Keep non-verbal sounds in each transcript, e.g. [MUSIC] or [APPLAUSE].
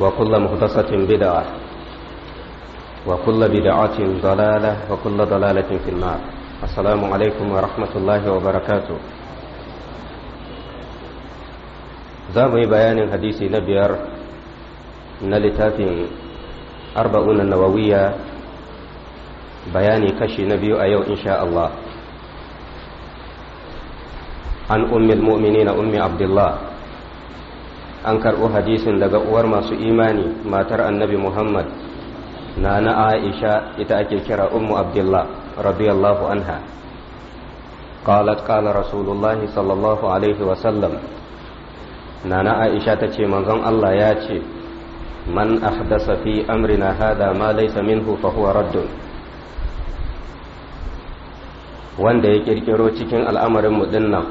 وكل مختصة بدعة وكل بدعة ضلالة وكل ضلالة في النار السلام عليكم ورحمة الله وبركاته زامي بيان الحديث نبير نلتات أربعون النووية بيان كشي نبي أيو إن شاء الله عن أم المؤمنين أم عبد الله an karɓo hadisin daga uwar masu imani matar annabi muhammad na na aisha ita ake kira ummu abdullah radiyallahu anha قالت قال رسول الله Na na Aisha ta ce عائشة Allah ya ce. Man من أحدث في أمرنا هذا ما ليس منه فهو رد wanda ya kirkiro cikin al'amarin mu dinnan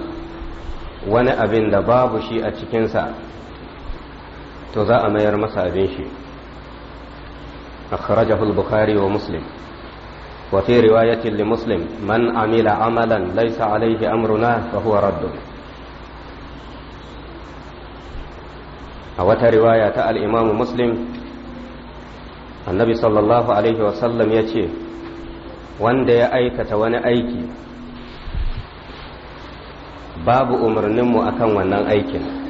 wani abin da babu shi a cikinsa to za a mayar masa abin shi akhrajahu al-bukhari wa muslim wa fi riwayatin li muslim man amila amalan laysa alayhi amruna fa huwa radd a wata riwaya ta al muslim annabi sallallahu alaihi wa sallam ce, wanda ya aikata wani aiki babu umarninmu akan wannan aikin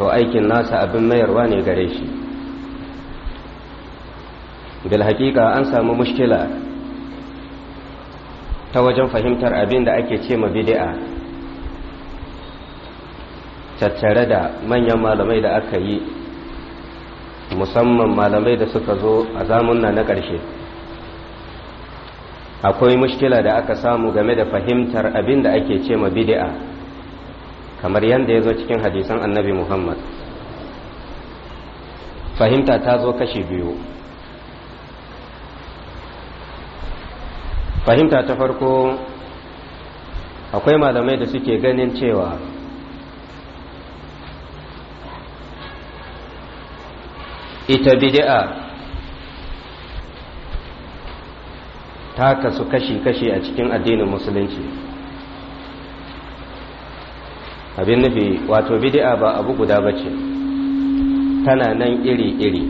to aikin nasa abin mayarwa ne gare shi bil hakika an samu mushkila ta wajen fahimtar abin da ake ce ma bid'a tattare da manyan malamai da aka yi musamman malamai da suka zo a zamunna na ƙarshe akwai mushkila da aka samu game da fahimtar abin da ake ce ma bid'a kamar yadda ya zo cikin hadisan annabi muhammad fahimta ta zo kashi biyu fahimta ta farko akwai malamai da suke ganin cewa ita bid'a ta kasu kashi-kashi a cikin addinin musulunci abin nufi wato bidi'a ba abu guda ba ce tana nan iri-iri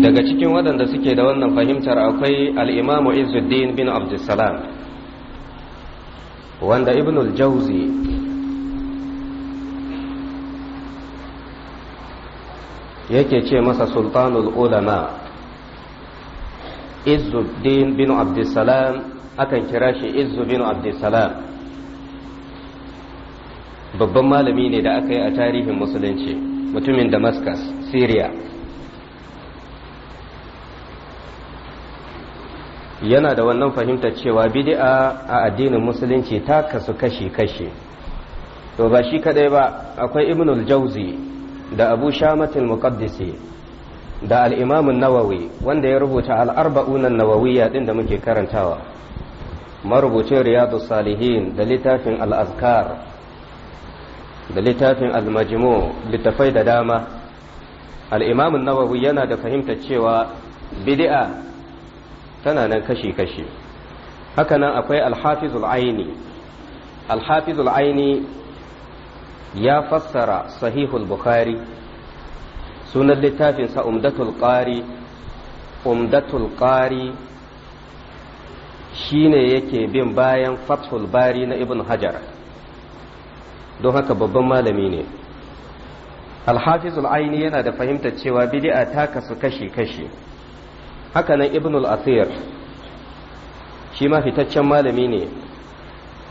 daga cikin waɗanda suke da wannan fahimtar akwai al'imamu izuddin bin abdussalam wanda ibnul jauzi yake ce masa sultanul ulama izuddin bin abdussalam akan kira shi izu bin abdussalam babban malami ne da aka yi a tarihin musulunci mutumin damascus syria yana da wannan fahimtar cewa bidi'a a addinin musulunci ta kasu kashi-kashi to ba shi kadai ba akwai ibnul jauzi da abu shamatul muqaddisi da al'imamun nawawi wanda ya rubuta al'arba'unan nawawiyya ɗin da muke karantawa marubucin riyadu salihin da littafin al'azkar da littafin almajimo littafai da dama al'imamun nawawi yana da fahimta cewa bid'a tana nan kashi-kashi hakanan akwai alhafizul aini alhafizul aini ya fassara sahihul bukhari sunan littafinsa umdatul qari umdatul qari shine yake bin bayan fathul bari na ibn hajar don haka babban malami ne alhafizul aini yana da fahimtar cewa bid'a ta kasu kashi-kashi Haka hakanan ibnul asir shi ma fitaccen malami ne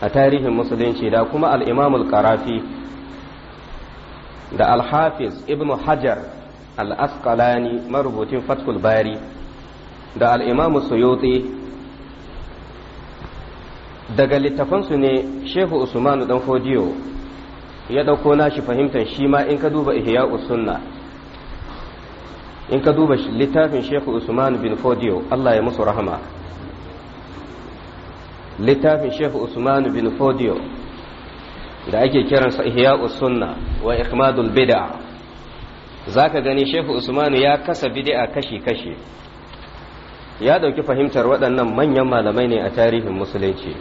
a tarihin musulunci da kuma al'imamul karafi da alhafiz Ibn hajar Al-askalani marubutin fatkul bari da al'imamu suyuti daga littafansu ne shehu usmanu dan fodiyo ya ɗauko nashi fahimtar shi ma in ka duba ihya usunna in ka duba littafin shehu usman bin fodiyo allah ya musu rahama littafin shehu usman bin fodiyo da ake kiransa ihya usunna wa ikhmadul bid'a zaka gani shehu usman ya kasa bid'a kashi-kashi ya ɗauki fahimtar waɗannan manyan malamai ne a tarihin musulunci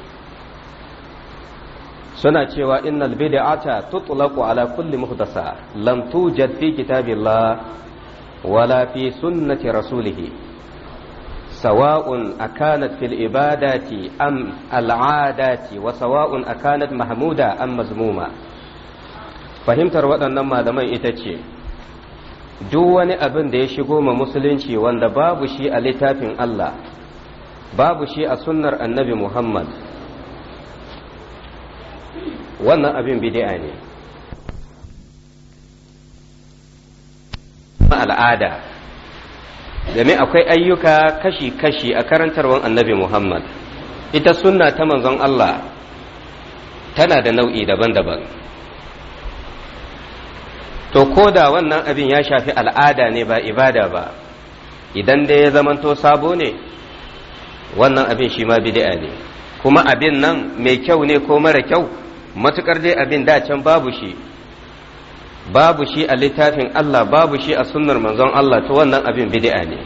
suna cewa innal bid'ata tutlaqu ala kulli muhdasa lam tujad fi kitabillah wala fi sunnati rasulih sawa'un akanat fil ibadati am al'adati wa sawa'un akanat mahmuda am mazmuma fahimtar waɗannan malaman ita ce duk wani abin da ya shigo ma musulunci wanda babu shi a littafin Allah babu shi a sunnar annabi Muhammad wannan abin bidi'a ne al'ada game akwai ayyuka kashi-kashi a karantarwar annabi muhammad ita sunna ta manzon allah tana da nau'i daban-daban to ko da wannan abin ya shafi al'ada ne ba ibada ba idan dai ya zamanto sabo ne wannan abin shi ma bidi'a ne kuma abin nan mai kyau ne ko mara kyau matukar dai abin da can babu shi babu shi a littafin Allah babu shi a sunnar manzon Allah to wannan abin bid'a ne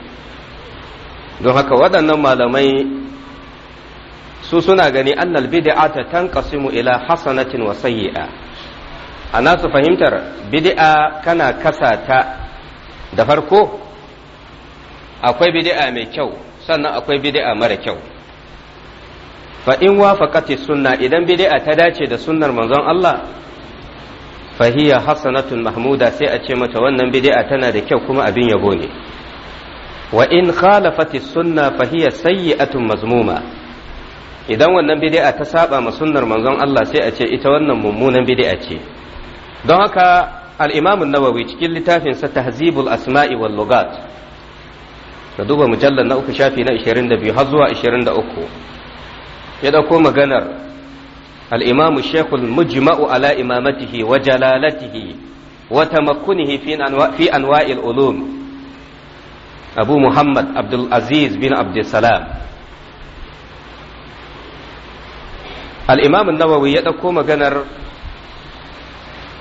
don haka waɗannan malamai su suna gani annal bid'ata tanqasimu ila hasanatin wa sayyi'a a su fahimtar bid'a kana kasa ta da farko akwai bid'a mai kyau sannan akwai bid'a mara kyau fa in wafaqati sunna idan bid'a ta dace da sunnar manzon Allah fa hiya hasanatun mahmuda sai a ce mata wannan bid'a tana da kyau kuma abin yabo ne wa in khalafati sunna fa hiya sayyi'atun mazmuma idan wannan bid'a ta saba ma sunnar manzon Allah sai a ce ita wannan mummunan bid'a ce don haka al-Imam an-Nawawi cikin littafin sa Tahzibul Asma'i wal ka duba mujallal na uku shafi na 22 har zuwa 23 ya ɗauko maganar al'imamu shekul mujma'u ala imamatihi wa jalalatihi wa tamakkunihi fi anwa'il ulum abu muhammad abdul aziz bin abdulsalam al'imamun nawawi ya ɗauko maganar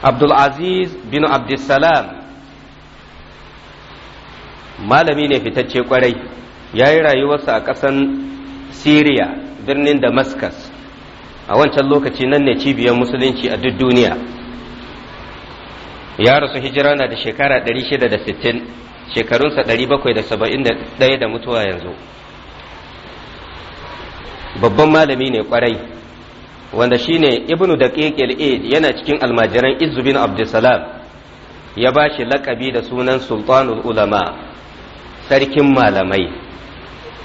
abdul aziz bin abdulsalam malami ne fitacce kwarai ya yi rayuwarsa a ƙasan siriya birnin damascus a wancan lokaci nan ne cibiyar musulunci a duk duniya ya rasu hijira na da shekara 660 shekarunsa 771 da mutuwa yanzu babban malami ne kwarai wanda shine ibnu da ƙeƙil yana cikin almajiran izubin abdulsalam ya ba shi laƙabi da sunan sultanul ulama sarkin malamai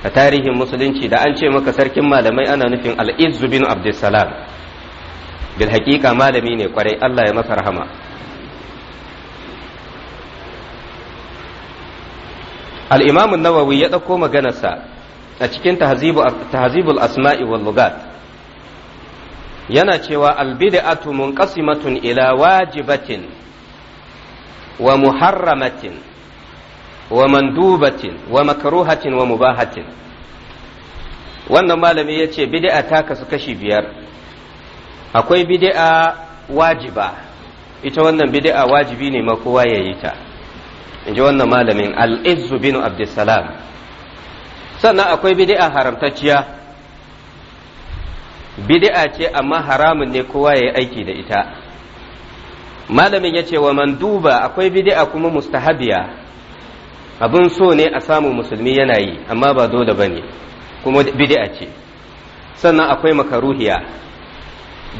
a tarihin musulunci da an ce maka sarkin malamai ana nufin al'izu bin abdussalam bil haƙiƙa malami ne kwarai Allah ya masa rahama al nawawi ya ɗauko maganarsa a cikin tahzibul asma'i wal lugat yana cewa albid'atu munqasimatun ila wajibatin wa muharramatin wa mandubatin wa makruhatin wa mubahatin wannan malami ya ce bid'a ta kasu kashi biyar akwai bid'a wajiba ita wannan bid'a wajibi ne ma kowa ya yi ta in ji wannan malamin al'izzu bin abdussalam sannan akwai bid'a haramtacciya bid'a ce amma haramun ne kowa ya yi aiki da ita malamin ya ce wa manduba akwai bid'a kuma mustahabiya abin so ne a samu musulmi yana yi amma ba dole ba ne kuma bid'a ce sannan akwai makaruhiya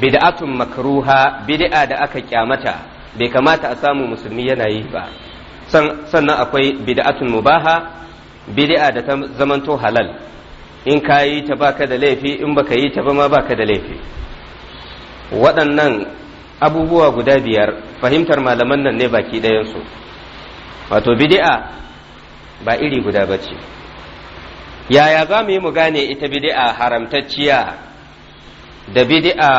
bid'atun makruha bid'a da aka kyamata bai kamata a samu musulmi yana yi ba sannan akwai bid'atun mubaha bid'a da ta zamanto halal in ka yi ta baka da laifi in baka yi ta ba ma baka da laifi waɗannan abubuwa guda biyar fahimtar malaman nan ne baki ɗayansu wato bid'a ba iri guda ba ce yaya za mu yi mu gane ita bidi'a haramtacciya da bidi'a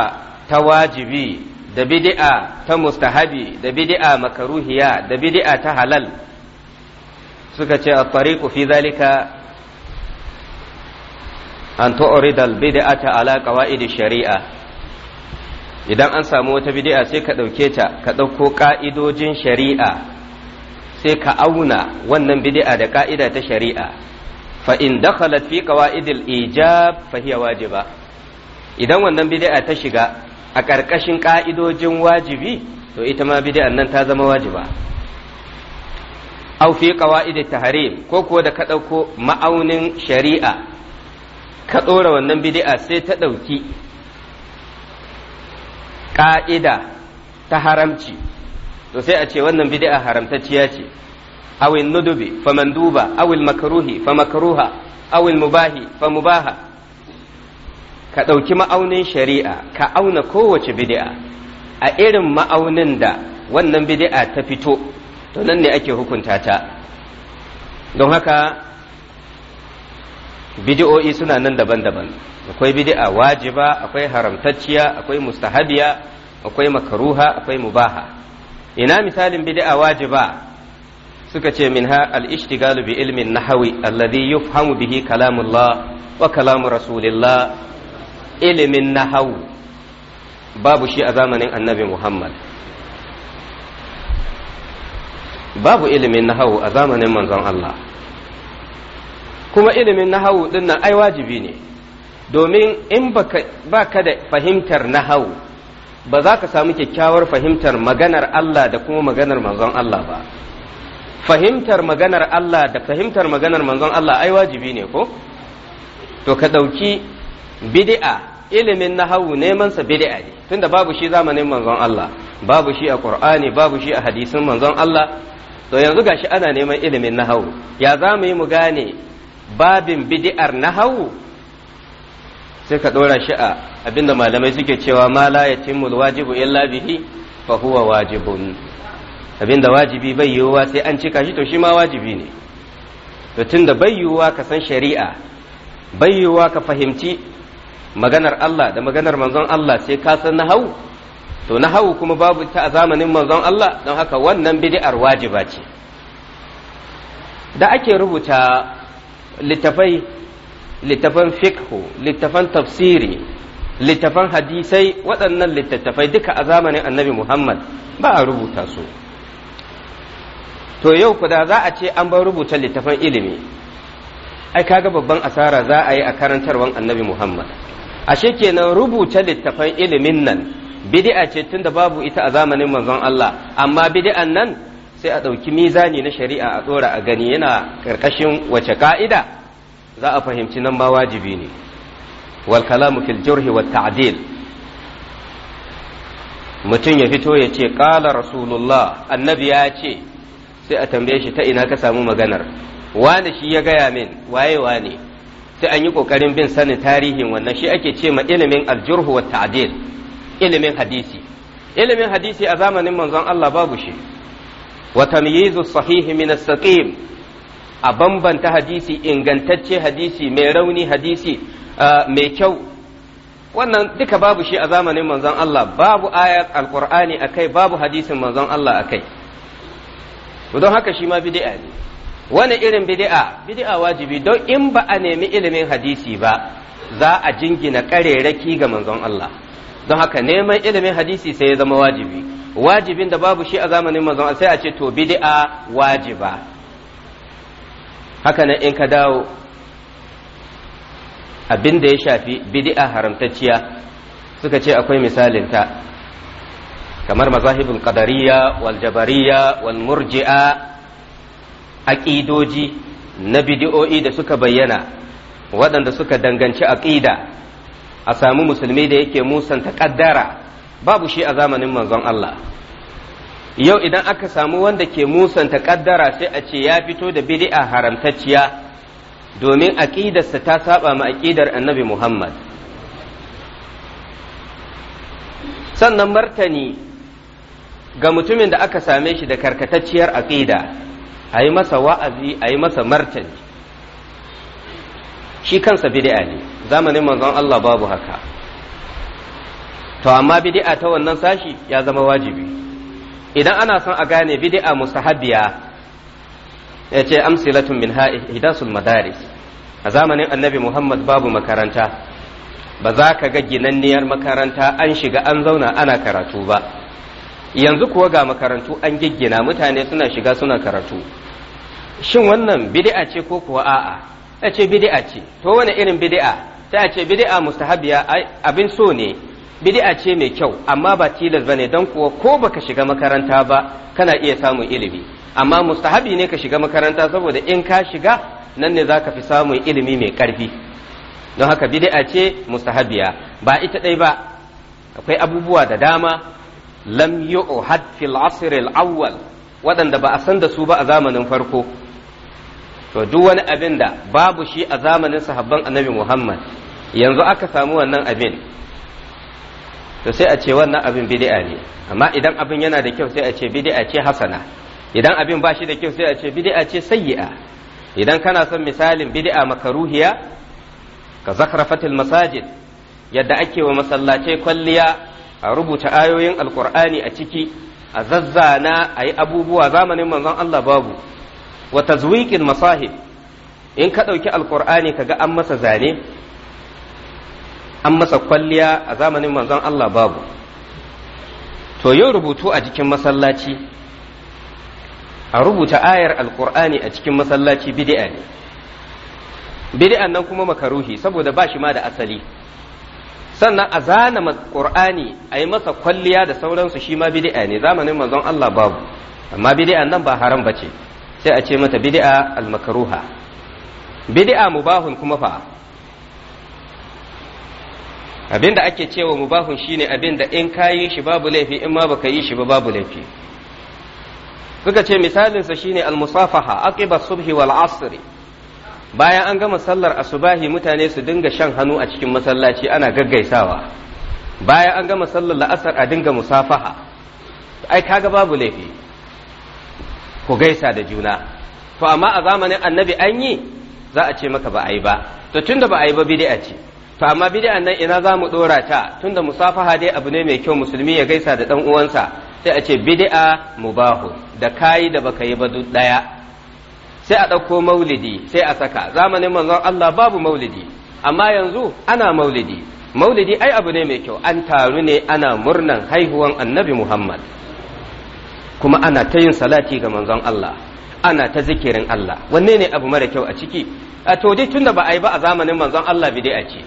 ta wajibi da bidi'a ta mustahabi da bidi'a makaruhiya da bidi'a ta halal suka ce a tariqu fi zalika an oridal bidata ala qawaid shari'a idan an samu wata bid'a sai ka dauke ta ka ɗauko ka'idojin shari'a sai ka auna wannan bid'a da ka'ida ta shari'a fa in dakhalat fi qawaidil ijab fa hiya wajiba idan wannan bid'a ta shiga a ƙarƙashin ka'idojin wajibi to ita ma bid'an nan ta zama wajiba aw fi qawaid tahrim ko kuwa da ka ɗauko ma'aunin shari'a ka ɗora wannan bid'a sai ta ɗauki ka'ida ta haramci to sai a ce wannan bid'a haramtacciya ce awil nudubi fa manduba awil makruhi fa makruha awil mubahi fa mubaha ka ɗauki ma'aunin shari'a ka auna kowace bid'a a irin ma'aunin da wannan bid'a ta fito to nan ne ake hukunta ta don haka bid'o'i suna nan daban-daban akwai bid'a wajiba akwai haramtacciya akwai mustahabiya akwai makaruha akwai mubaha ina misalin bid'a wajiba suka ce minha al-ishtigalu bi ilmin nahawi alladhi yufhamu bihi kalamullah wa kalamu rasulillah ilimin nahawu babu shi a zamanin annabi Muhammad babu ilimin nahawu a zamanin manzon Allah kuma ilimin nahawu din nan ai wajibi ne domin in baka da fahimtar nahawu ba za ka samu kyakkyawar fahimtar maganar Allah da kuma maganar manzon Allah ba fahimtar maganar Allah da fahimtar maganar manzon Allah ai wajibi ne ko to ka ɗauki bid'a ilimin nahawu neman sa bid'a ne tunda babu shi zamanin manzon Allah babu shi a Qur'ani babu shi a hadisin manzon Allah to yanzu gashi ana neman ilimin nahawu ya za mu yi mu gane babin bid'ar nahawu sai ka ɗora shi a abinda malamai suke cewa ma la yatimul wajibu illa bihi fa huwa wajibun abinda wajibi bai yiwuwa sai an cika shi to shi ma wajibi ne to tunda bai yiwuwa ka san shari'a bai yiwuwa ka fahimci maganar Allah da maganar manzon Allah sai ka san nahau to nahau kuma babu ta a zamanin manzon Allah don haka wannan bid'ar wajiba ce da ake rubuta littafai littafan fikhu littafan tafsiri littafan hadisai waɗannan littattafai duka a zamanin annabi muhammad ba a rubuta su to yau kuda za a ce an bar rubuta littafan ilimi ai kaga babban asara za a yi a karantarwan annabi muhammad ashe kenan rubuta littafan ilimin nan bid'a ce tunda babu ita a zamanin manzon Allah amma bid'an nan sai a ɗauki mizani na shari'a a tsora a gani yana ƙarƙashin wace ka'ida za a fahimci nan ma wajibi ne wal fil jurhi wat ta'dil mutum ya fito ya ce qala rasulullah annabi ya ce sai a tambaye shi ta ina ka samu maganar wani shi ya gaya min waye wane sai an yi ƙoƙarin bin sanin tarihin wannan shi ake ce ma ilimin aljurhu wat ta'dil ilimin hadisi ilimin hadisi a zamanin manzon Allah babu shi wa tamyizu sahihi min as-saqim a bambanta hadisi ingantacce hadisi mai rauni hadisi mai kyau wannan duka babu shi a zamanin manzon Allah babu ayat alqur'ani akai babu hadisin manzon Allah akai don haka shi ma bid'a ne wani irin bid'a bid'a wajibi don in ba a nemi ilimin hadisi ba za a jingina kareraki ga manzon Allah don haka neman ilimin hadisi sai ya zama wajibi wajibin da babu shi a zamanin manzon sai a ce to bid'a wajiba haka nan in ka dawo abin da ya shafi bidi'a haramtacciya suka ce akwai misalin ta. kamar mazahibul qadariyya wal jabariyya wal murji'a aqidoji na bid'o'i da suka bayyana waɗanda suka danganci aqida a samu musulmi da yake musanta ƙaddara, babu shi a zamanin manzon Allah yau idan aka samu wanda ke musanta kaddara sai a ce ya fito da bid'a haramtacciya domin aƙidarsa ta saba ma aƙidar annabi Muhammad sannan martani ga mutumin da aka same shi da karkatacciyar aƙida a yi masa wa'azi a yi masa martani shi kansa bid'a ne zamanin manzon Allah babu haka to amma bid'a ta wannan sashi ya zama wajibi idan ana son a gane bid'a mustahabbiya ya ce amsilatun min hidasul madaris a zamanin annabi muhammad babu makaranta ba za ka ga ginanniyar makaranta an shiga an zauna ana karatu ba yanzu kuwa ga makarantu an giggina mutane suna shiga suna karatu shin wannan bid'a ce ko kuwa a'a yace ce bid'a ce to wani irin bid'a ta ce bid'a mustahabbiya abin so ne bid'a ce mai kyau amma ba tilas bane dan kuwa ko baka shiga makaranta ba kana iya samun ilimi amma mustahabi ne ka shiga makaranta saboda in ka shiga nan ne zaka fi samun ilimi mai karfi don haka bid'a ce mustahabiya ba ita dai ba akwai abubuwa da dama lam yu'had fil asr al awwal waɗanda ba a san da su ba a zamanin farko to duk wani abin da babu shi a zamanin sahabban annabi Muhammad yanzu aka samu wannan abin to sai a ce wannan abin bid'a ne amma idan abin yana da kyau sai a ce bid'a ce hasana idan abin ba shi da kyau sai a ce bid'a ce sayyi'a idan kana son misalin bid'a makaruhiya ka zakrafatil masajid yadda ake wa masallace kwalliya a rubuta ayoyin alkur'ani a ciki a zazzana a yi abubuwa zamanin manzon Allah babu wa tazwiqil masahib in ka ɗauki alkur'ani kaga an masa zane an masa kwalliya a zamanin manzon Allah babu to yau rubutu a jikin masallaci a rubuta ayar alkur'ani a cikin masallaci bid'a ne bid'an nan kuma makaruhi saboda ba shi ma da asali sannan a zana qur'ani a yi masa kwalliya da sauransu shi ma bid'a ne zamanin manzon Allah babu amma bid'an nan ba haram bace sai a ce mata bid'a al-makruha bid'a mubahun kuma fa Abin da ake cewa mubahun shine abinda in ka yi shi babu laifi in ma baka yi shi ba babu laifi suka ce misalinsa shine al musafaha aqiba subhi wal asri bayan an gama sallar asubahi mutane su dinga shan hannu a cikin masallaci ana gaggaisawa bayan an gama sallar la'asar a dinga musafaha ai kaga babu laifi ku gaisa da juna to amma a zamanin annabi an yi za a ce maka ba a yi ba to tunda ba a yi ba bid'a ce to amma bid'a nan ina za mu dora ta tunda musafaha dai abu ne mai kyau musulmi ya gaisa da dan uwansa sai a ce bid'a mubahu da kayi da baka yi ba duk daya sai a ɗauko maulidi sai a saka zamanin manzon Allah babu maulidi amma yanzu ana maulidi maulidi ai abu ne mai kyau an taru ne ana murnan haihuwan annabi Muhammad kuma ana ta yin salati ga manzon Allah ana ta zikirin Allah wanne ne abu mara kyau a ciki a to dai tunda ba a yi ba a zamanin manzon Allah bid'a ce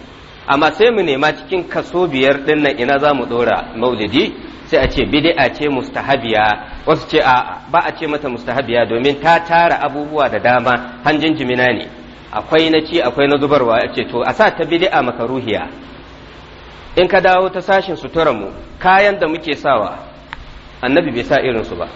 amma sai mu nema cikin kaso biyar din nan ina zamu mu ɗora maulidi sai a ce bid'a ce mustahabiya wasu ce a ba a ce mata mustahabiya domin ta tara abubuwa da dama hanjin jimina ne akwai na ci akwai na zubarwa a ce to a sa ta bid'a makaruhiya in ka dawo ta sashin suturar mu kayan da muke sawa annabi bai sa irinsu ba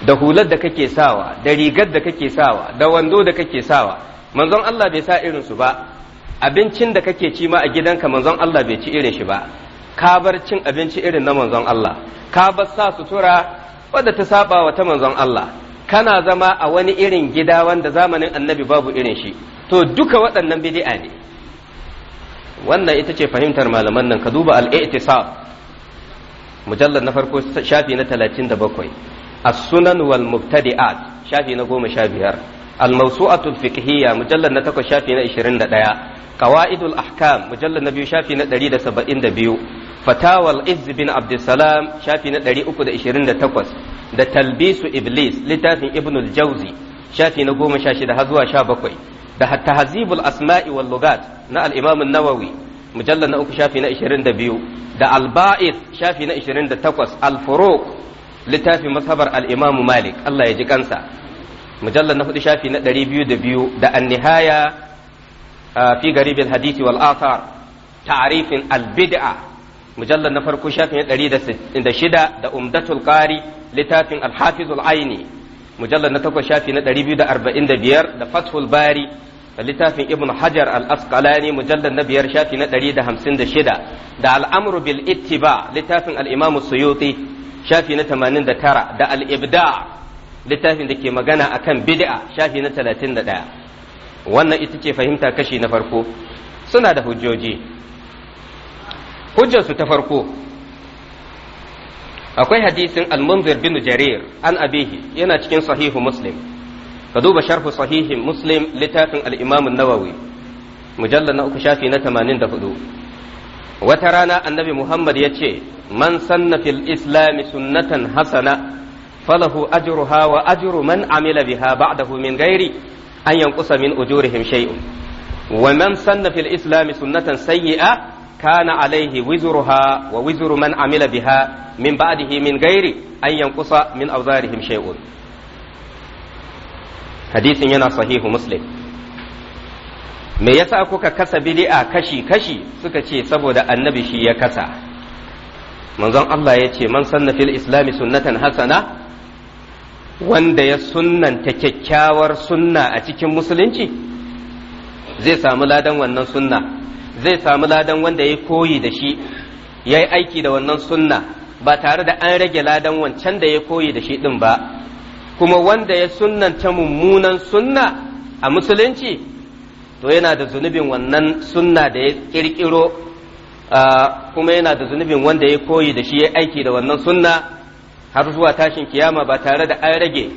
da hular da kake sawa da rigar da kake sawa da wando da kake sawa manzon Allah bai sa irin su ba abincin da kake ci ma a gidanka manzon Allah bai ci irin shi ba ka bar cin abinci irin na manzon Allah ka bar sa sutura wadda ta saba wa ta manzon Allah kana zama a wani irin gida wanda zamanin annabi babu irin shi to duka waɗannan bid'a ne wannan ita ce fahimtar malaman nan ka duba al-i'tisab mujallad na farko shafi na 37 as-sunan wal mubtadi'at shafi na 15 al al fiqhiyya mujallad na 8 shafi na 21 qawaidul ahkam mujallal na biyu shafi na 172 fatawal izz bin abdussalam shafi na 328 da talbisu iblis littafin ibnul jauzi shafi na 16 har zuwa 17 da tahzibul asma'i wal lugat na al nawawi mujallal na uku shafi na 22 da al-ba'ith shafi na 28 al-furuq littafin mazhabar al malik Allah ya ji kansa mujallal na hudu shafi na 202 da an-nihaya fi garibin hadisi wal athar ta'rifin al bid'a mujallal na farko shafin 166 da umdatul qari littafin al hafizul aini mujallal na takwas shafi na 245 da fathul bari da littafin ibn hajar al askalani mujallal na biyar shafi na 156 da al amru bil ittiba littafin al imam suyuti shafi na 89 da al ibda littafin da ke magana akan bid'a shafi na wannan ita ce fahimta kashi na farko suna da hujjoji hujjarsu ta farko akwai hadisin al-munzir bin jarir an abihi yana cikin sahihu muslim ka duba sharhu sahihin muslim littafin al-imam nawawi mujallar na uku shafi na 84 wata rana annabi muhammad ya ce man sanna fil islami sunnatan hasana falahu ajruha wa ajru man amila biha ba'dahu min gairi an yankusa min ujurihim shay'un wa man sanna fil islam sunnatan sayyi'a kana alaihi wizruha wa wizru man amila biha min ba'dihi min ghairi an yankusa min awzarihim shay'un hadisin yana sahihu muslim me yasa kuka kasa bid'a kashi kashi suka ce saboda annabi shi ya kasa manzon Allah ya ce man sanna fil islami sunnatan hasana wanda ya sunnanta kyakkyawar sunna a cikin musulunci zai samu ladan wannan sunna zai samu ladan wanda ya koyi da shi ya yi aiki da wannan sunna ba tare da an rage ladan wancan da ya koyi da shi ɗin ba kuma wanda ya sunnanta mummunan sunna a musulunci to yana da zunubin wannan sunna da ya ƙirƙiro kuma yana da zunubin wanda ya koyi da shi ya aiki da wannan sunna har zuwa tashin kiyama ba tare da an rage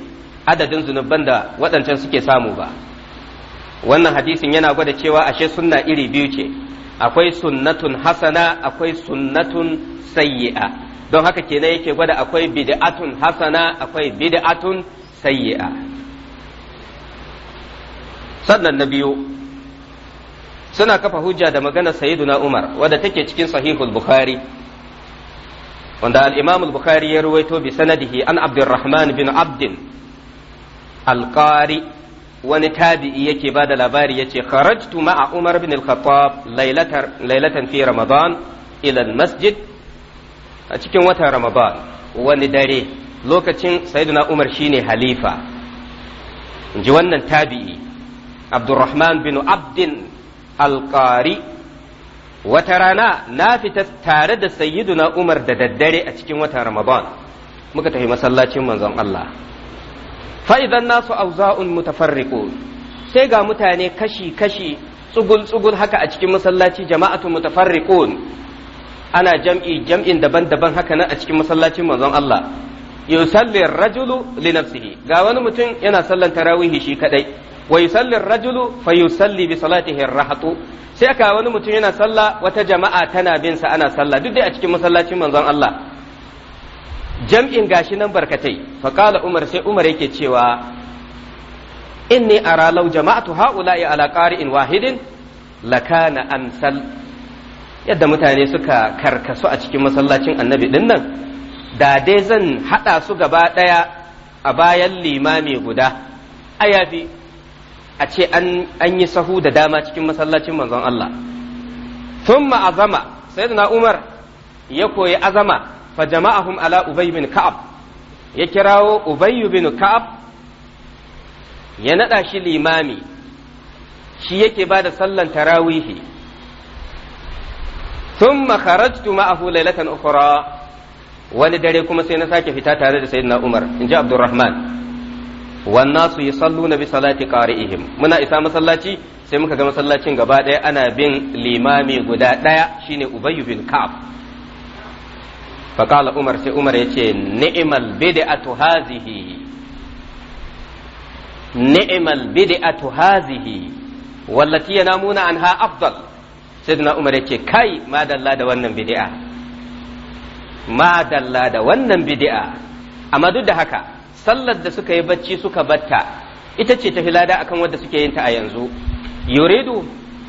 adadin zunuban da waɗancan suke samu ba wannan hadisin yana gwada cewa ashe sunna iri biyu ce akwai sunnatun hasana akwai sunnatun sayyi'a don haka kenan yake gwada akwai bid'atun hasana akwai bid'atun sayyi'a sannan na biyu suna kafa hujja da maganar sayyiduna umar wadda take cikin sahihul bukhari wanda al al-bukhari ya ruwaito bi sanadihi an abdurrahman bin abdin al wani tabi'i yake ba da labari yace kharajtu ma'a umar bin al-khattab laylatan fi ramadan ila masjid a cikin watan ramadan wani dare lokacin sayyidina umar shine halifa inji wannan tabi'i abdurrahman bin abdin al wata rana na fita tare da sayyiduna umar da daddare a cikin watan ramadan muka tafi masallacin manzon Allah fa'idan nasu auza'un mutafarriqu sai ga mutane kashi kashi tsugul tsugul haka a cikin masallaci jama'atu mutafarriqun ana jam'i jam'in daban-daban haka na a cikin masallacin manzon Allah yusalli rajulu li nafsihi ga wani mutum yana sallan tarawih shi kadai wa yusalli rajulu fa yusalli bi salatihi rahatu sai aka wani mutum yana sallah wata jama'a tana bin sa ana sallah duk dai a cikin masallacin manzon Allah jam'in gashi nan barkatai fa qala umar sai umar yake cewa inni ara law jama'atu haula'i ala qari'in wahidin lakana amsal yadda mutane suka karkasu a cikin masallacin annabi din nan da dai zan hada su gaba daya a bayan limami guda ayafi a ce an yi sahu da dama cikin masallacin manzon Allah tun azama da Umar ya koyi azama fa jama'ahum ala Ubay bin Ka'ab ya kirawo Ubay bin Ka'ab ya naɗa shi limami shi yake ba da sallan tarawihi tun kharajtu ma'ahu lailatan ukura wani dare kuma sai na sake fita tare da sayyidina Umar inji Abdurrahman wan nasu yusalluna bi salati qari'ihim muna isa masallaci sai muka ga masallacin gaba ɗaya ana bin limami guda ɗaya shine ubay bin ka'ab faqala umar sai umar yace ni'mal bid'atu hazihi ni'mal bid'atu hazihi wallati yanamuna anha afdal sayyidina umar yace kai ma dalla da wannan bid'a ma dalla da wannan bid'a amma duk da haka sallar da suka yi bacci suka batta ita ce tafi lada akan wadda suke yin ta a yanzu yuridu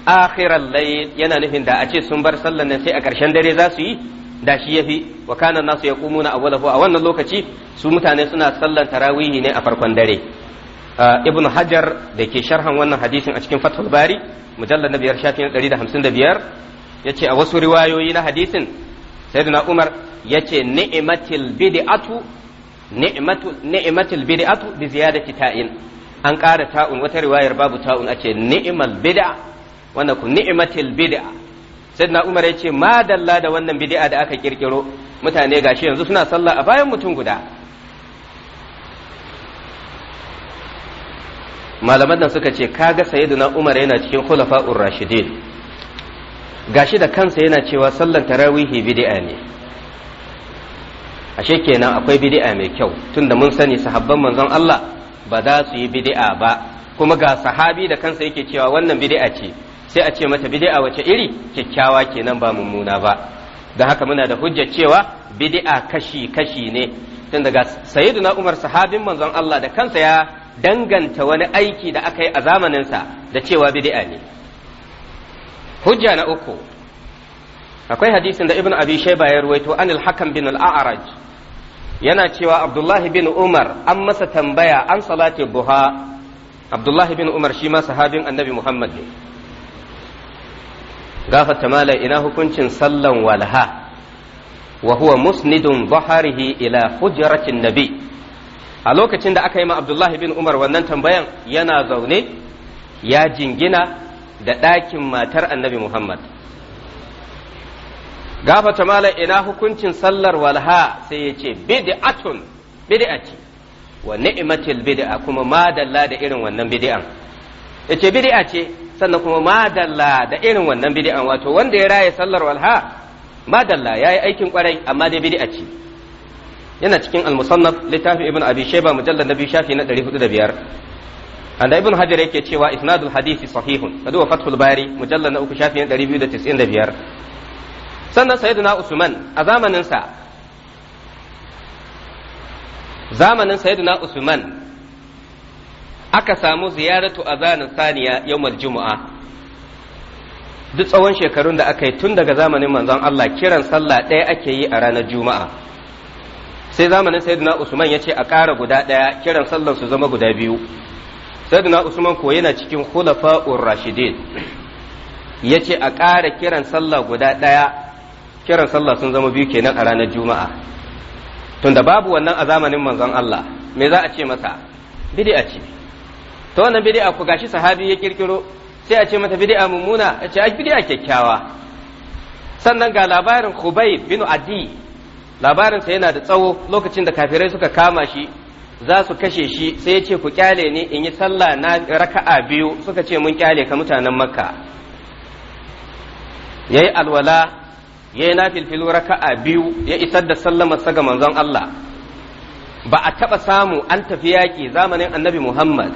akhiral layl yana nufin da a ce sun bar sallar nan sai a ƙarshen dare za su yi da shi yafi wa kana nasu yaqumuna awwalahu a wannan lokaci su mutane suna sallar tarawihi ne a farkon dare ah, ibnu hajar da ke sharhan wannan hadisin a cikin fathul bari mujallad na biyar shafin 155 yace a wasu riwayoyi na hadisin sayyidina umar yace ni'matil bid'atu ni'matul bid'atu bi ziyadati ta'in an ƙara ta'un wata riwayar babu ta'un a ce ni'mal bid'a wannan ku ni'matil bid'a sayyidina umar ya ma dalla da wannan bid'a da aka kirkiro mutane gashi yanzu suna sallah a bayan mutum guda malaman nan suka ce kaga sayyidina umar yana cikin khulafa'ur rashidin gashi da kansa yana cewa sallan tarawihi bid'a ne ashe kenan akwai bid'a mai kyau tunda mun sani sahabban manzon Allah ba za su yi bid'a ba kuma ga sahabi da kansa yake cewa wannan bid'a ce sai a ce mata bid'a wace iri kyakkyawa kenan ba mummuna ba da haka muna da hujjar cewa bid'a kashi kashi ne tunda ga sayyiduna Umar sahabin manzon Allah da kansa ya danganta wani aiki da aka yi a zamaninsa da cewa bid'a ne hujja na uku akwai hadisin da ibn abi shayba ya ruwaito anil hakam bin al-a'raj yana cewa abdullahi bin umar an masa tambaya an salati buha abdullahi bin umar shi ma sahabin annabi muhammad ne gafata mala ina hukuncin sallan walha wa huwa musnidun zaharihi ila hujratin nabi a lokacin da aka yi ma abdullahi bin umar wannan tambayan yana zaune ya jingina da ɗakin matar annabi muhammad gafata malam ina hukuncin sallar walha sai ya ce bid'atun ce wa ni'matil bid'a kuma madalla da irin wannan bid'an ce bid'a ce sannan kuma madalla da irin wannan bid'an wato wanda ya raya sallar walha madalla yayi aikin kwarai amma dai bid'a ce yana cikin al-musannaf littafi ibn abi shayba mujallad nabi shafi na 405 anda ibn hajar yake cewa isnadul hadisi sahihun kadu wa fathul bari mujallal na uku shafin 295 sannan sayyidina usman a zamaninsa zamanin sayyidina usman aka samu ziyaratu azanin saniya yau juma'a duk tsawon shekarun da aka yi tun daga zamanin manzon Allah kiran sallah ɗaya ake yi a ranar juma'a sai zamanin sayyidina usman ya ce a ƙara guda ɗaya kiran sallar su zama guda biyu sayyidina usman ko yana cikin hulafa rashidin ya ce a ƙara kiran sallah guda ɗaya kiran sallah sun zama biyu kenan a ranar juma'a tunda babu wannan a zamanin manzon Allah me za a ce masa bid'a ce to wannan bid'a ku gashi sahabi ya kirkiro sai a ce mata bid'a mummuna a ce bid'a kyakkyawa sannan ga labarin Khubay bin Adi labarinsa yana da tsawo lokacin da kafirai suka kama shi za su kashe shi sai ya ce ku kyale ni in yi sallah na raka'a biyu suka ce mun kyale ka mutanen makka yayi alwala ya yi nafilfilu raka'a biyu ya isar da sallamarsa ga manzon Allah ba a taɓa samu an tafi yaƙi zamanin annabi Muhammad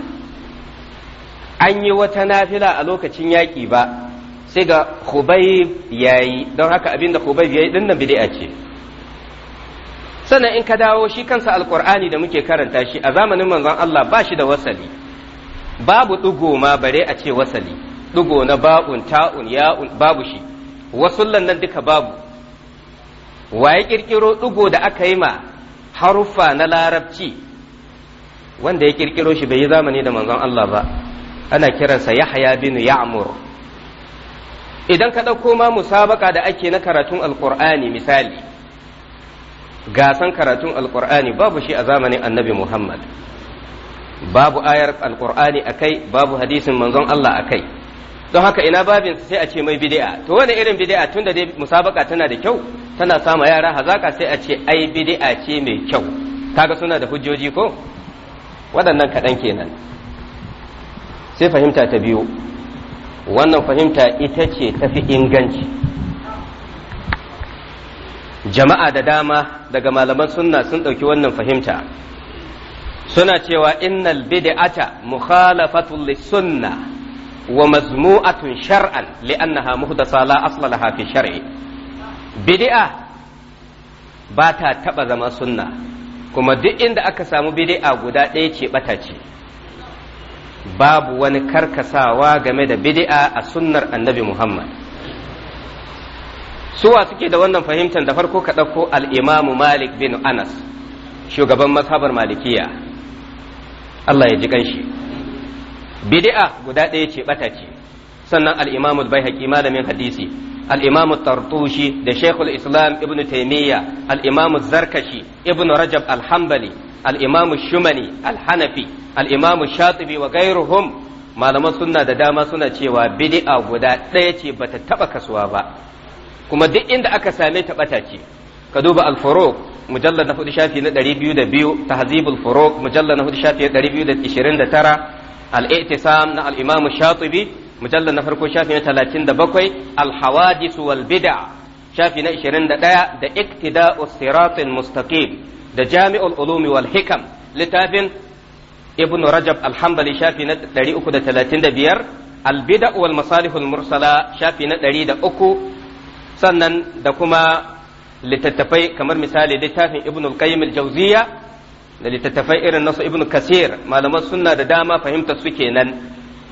an yi wata nafila a lokacin yaƙi ba sai ga ya yi don haka abin da ya yayi din nan bid'a ce sannan in ka dawo shi kansa alqur'ani da muke karanta shi a zamanin manzon Allah ba shi da wasali babu ɗigo ma bare a ce wasali ɗigo na ba'un ta'un ya'un babu shi wasullan nan duka babu waye kirkiro ɗigo da aka yi ma haruffa na larabci wanda ya kirkiro shi bai yi zamani da manzon Allah ba ana kiransa yahya bin ya'mur idan ka ɗauko ma musabaka da ake na karatun alƙur'ani misali gasan karatun alƙur'ani babu shi a zamanin annabi muhammad babu ayar alƙur'ani akai babu hadisin manzon Allah akai don haka ina babin sai a ce mai bid'a to wani irin bid'a tunda dai musabaka tana da kyau tana sama yara hazaka sai a ce ai bid'a ce mai kyau kaga suna da hujjoji ko waɗannan kaɗan kenan sai fahimta ta biyu wannan fahimta ita ce tafi inganci jama'a da dama daga malaman sunna sun ɗauki wannan fahimta suna cewa innal bid'ata mukhalafatul sunna wa mazmu'atun shar'an li'annaha muhdasa la asla laha fi shar'i bid'a ba ta taba zama sunna kuma duk inda aka samu bid'a guda ɗaya ce bata ce babu wani karkasawa game da bid'a a sunnar annabi Muhammad suwa suke da wannan fahimtar da farko ka ɗauko al'imamu Malik bin Anas shugaban mazhabar malikiya Allah ya ji ƙanshi bid'a guda ɗaya ce bata ce sannan al imamu al malamin hadisi al imamu tartushi da Sheikh islam Ibn taimiyya. al-Imam zarkashi Ibn Rajab al-Hanbali al imamu shumani al-Hanafi al imamu al-Shatibi wa ghayruhum malaman sunna da dama suna cewa bid'a guda ɗaya ce bata taba kasuwa ba kuma duk inda aka same ta bata ce ka duba al-Furuq mujallad na hudu shafi na 202 tahzibul furuq mujallad na hudu shafi na 229 al-i'tisam na al'imamu imam shatibi mujallal na farko shafi na 37 al-hawadith wal bid'a shafi na 21 da iktida'u siratin mustaqim da jami'ul ulumi wal hikam littafin ibn rajab alhambali hanbali shafi na 335 al-bid'a wal masalihul mursala shafi na 103 sannan da kuma littattafai kamar misali littafin ibn al-qayyim jawziya da littattafai irin nasu ibnu kasir malaman sunna da dama fahimta suke nan,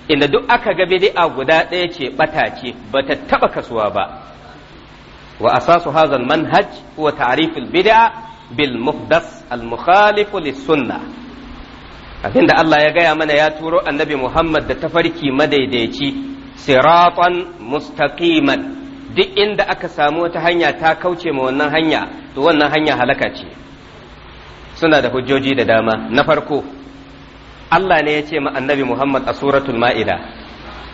inda duk aka ga Bidi'a guda ɗaya ce bata ce bata taɓa kasuwa ba wa asasu hazan manhaj huwa ta'rif bida bil muhdas al-mukhalif lis-sunnah abinda Allah ya gaya mana ya turo annabi Muhammad da tafarki madaidaici siratan mustaqiman duk inda aka samu wata hanya ta kauce ma wannan hanya to wannan hanya halaka ce suna da hujjoji da dama na farko Allah ne ya ce ma annabi Muhammad a suratul ma'ida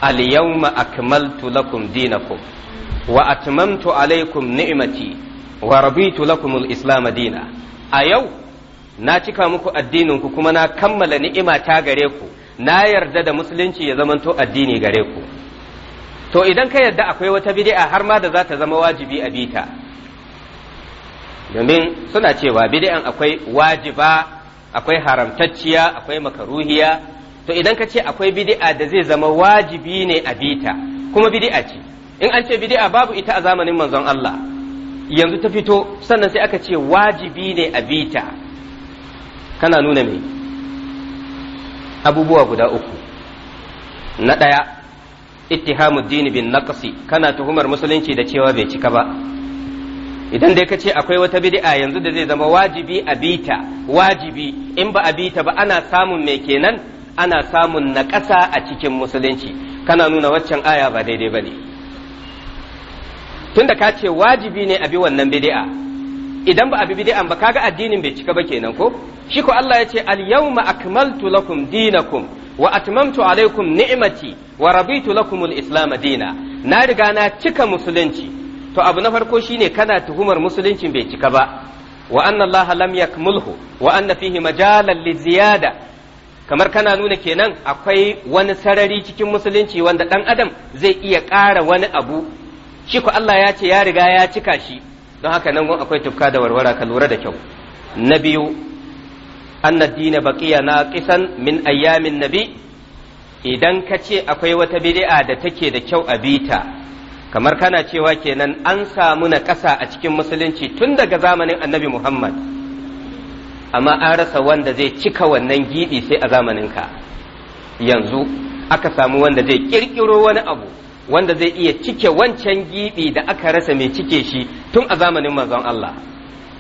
al-yawma akmaltu lakum dinakum wa atmamtu alaikum ni'mati wa rabitu lakum al-islam dina a yau na cika muku addinin ku kuma na kammala ni'ima ta gare ku na yarda da musulunci ya zamanto addini gare ku to idan ka yarda akwai wata bid'a har ma da za ta zama wajibi a bita domin suna cewa bid'an akwai wajiba akwai haramtacciya akwai makaruhiya to idan ka ce akwai bid'a da zai zama wajibi ne a bita kuma bid'a ce in an ce bid'a babu ita a zamanin manzon Allah yanzu ta fito sannan sai aka ce wajibi ne a bita kana nuna me abubuwa guda uku na ɗaya ittihamuddin bin naqsi kana tuhumar musulunci da cewa bai cika ba idan dai ka ce akwai wata bid'a yanzu da zai zama wajibi a bita wajibi in ba a bita ba ana samun me kenan ana samun naƙasa a cikin musulunci kana nuna waccan aya ba daidai ba ne tunda ka ce wajibi ne a bi wannan bid'a idan ba a bi bid'an ba kaga addinin bai cika ba kenan ko shi ko Allah ya ce al yawma akmaltu lakum dinakum wa atmamtu alaikum ni'mati wa rabitu lakum al islam dina na riga na cika musulunci to abu na farko shine kana tuhumar musuluncin bai cika ba wa anna Allah lam yakmulhu wa anna fihi majalan li ziyada kamar kana nuna kenan akwai wani sarari cikin musulunci wanda dan adam zai iya ƙara wani abu shi ko Allah ya ce ya riga ya cika shi don haka nan gun akwai tufka da warwara ka lura da kyau na biyu anna dina baqiya naqisan min ayyamin nabi idan ka ce akwai wata bid'a da take da kyau a bita kamar kana cewa kenan an samu na ƙasa a cikin musulunci tun daga zamanin annabi muhammad amma an rasa wanda zai cika wannan giɗi sai a zamaninka yanzu aka samu wanda zai ƙirƙiro wani abu wanda zai iya cike wancan giɗi da aka rasa mai cike shi tun a zamanin manzon Allah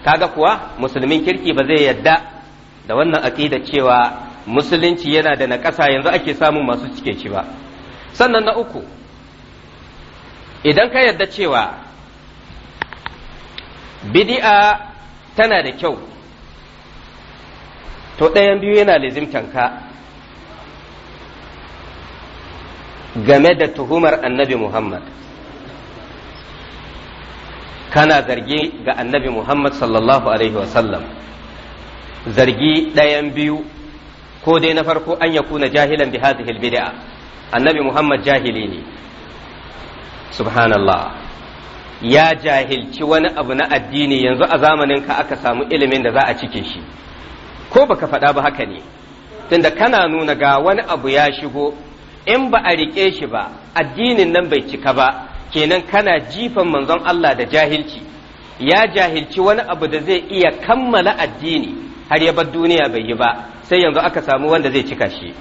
kaga kuwa musulmin kirki ba zai yadda da wannan aƙida cewa musulunci yana da naƙasa yanzu ake samun masu cike shi ba sannan na uku idan ka yarda cewa bidi'a tana da kyau to ɗayan biyu yana lizimtanka game da tuhumar annabi muhammad kana zargi ga annabi Muhammad sallallahu Alaihi wasallam zargi ɗayan biyu ko dai na farko an ya kuna jahilan bi hadhihi bid'a annabi Muhammad jahili ne subhanallah ya jahilci wani abu na addini yanzu a zamanin ka aka samu ilimin da za a cike shi ko baka faɗa ba haka ne tunda kana nuna ga wani abu ya shigo in ba a riƙe shi ba addinin nan bai cika ba kenan kana jifan manzon Allah da jahilci ya jahilci wani abu da zai iya kammala addini har ya bar duniya bai yi ba sai yanzu aka samu wanda zai cika shi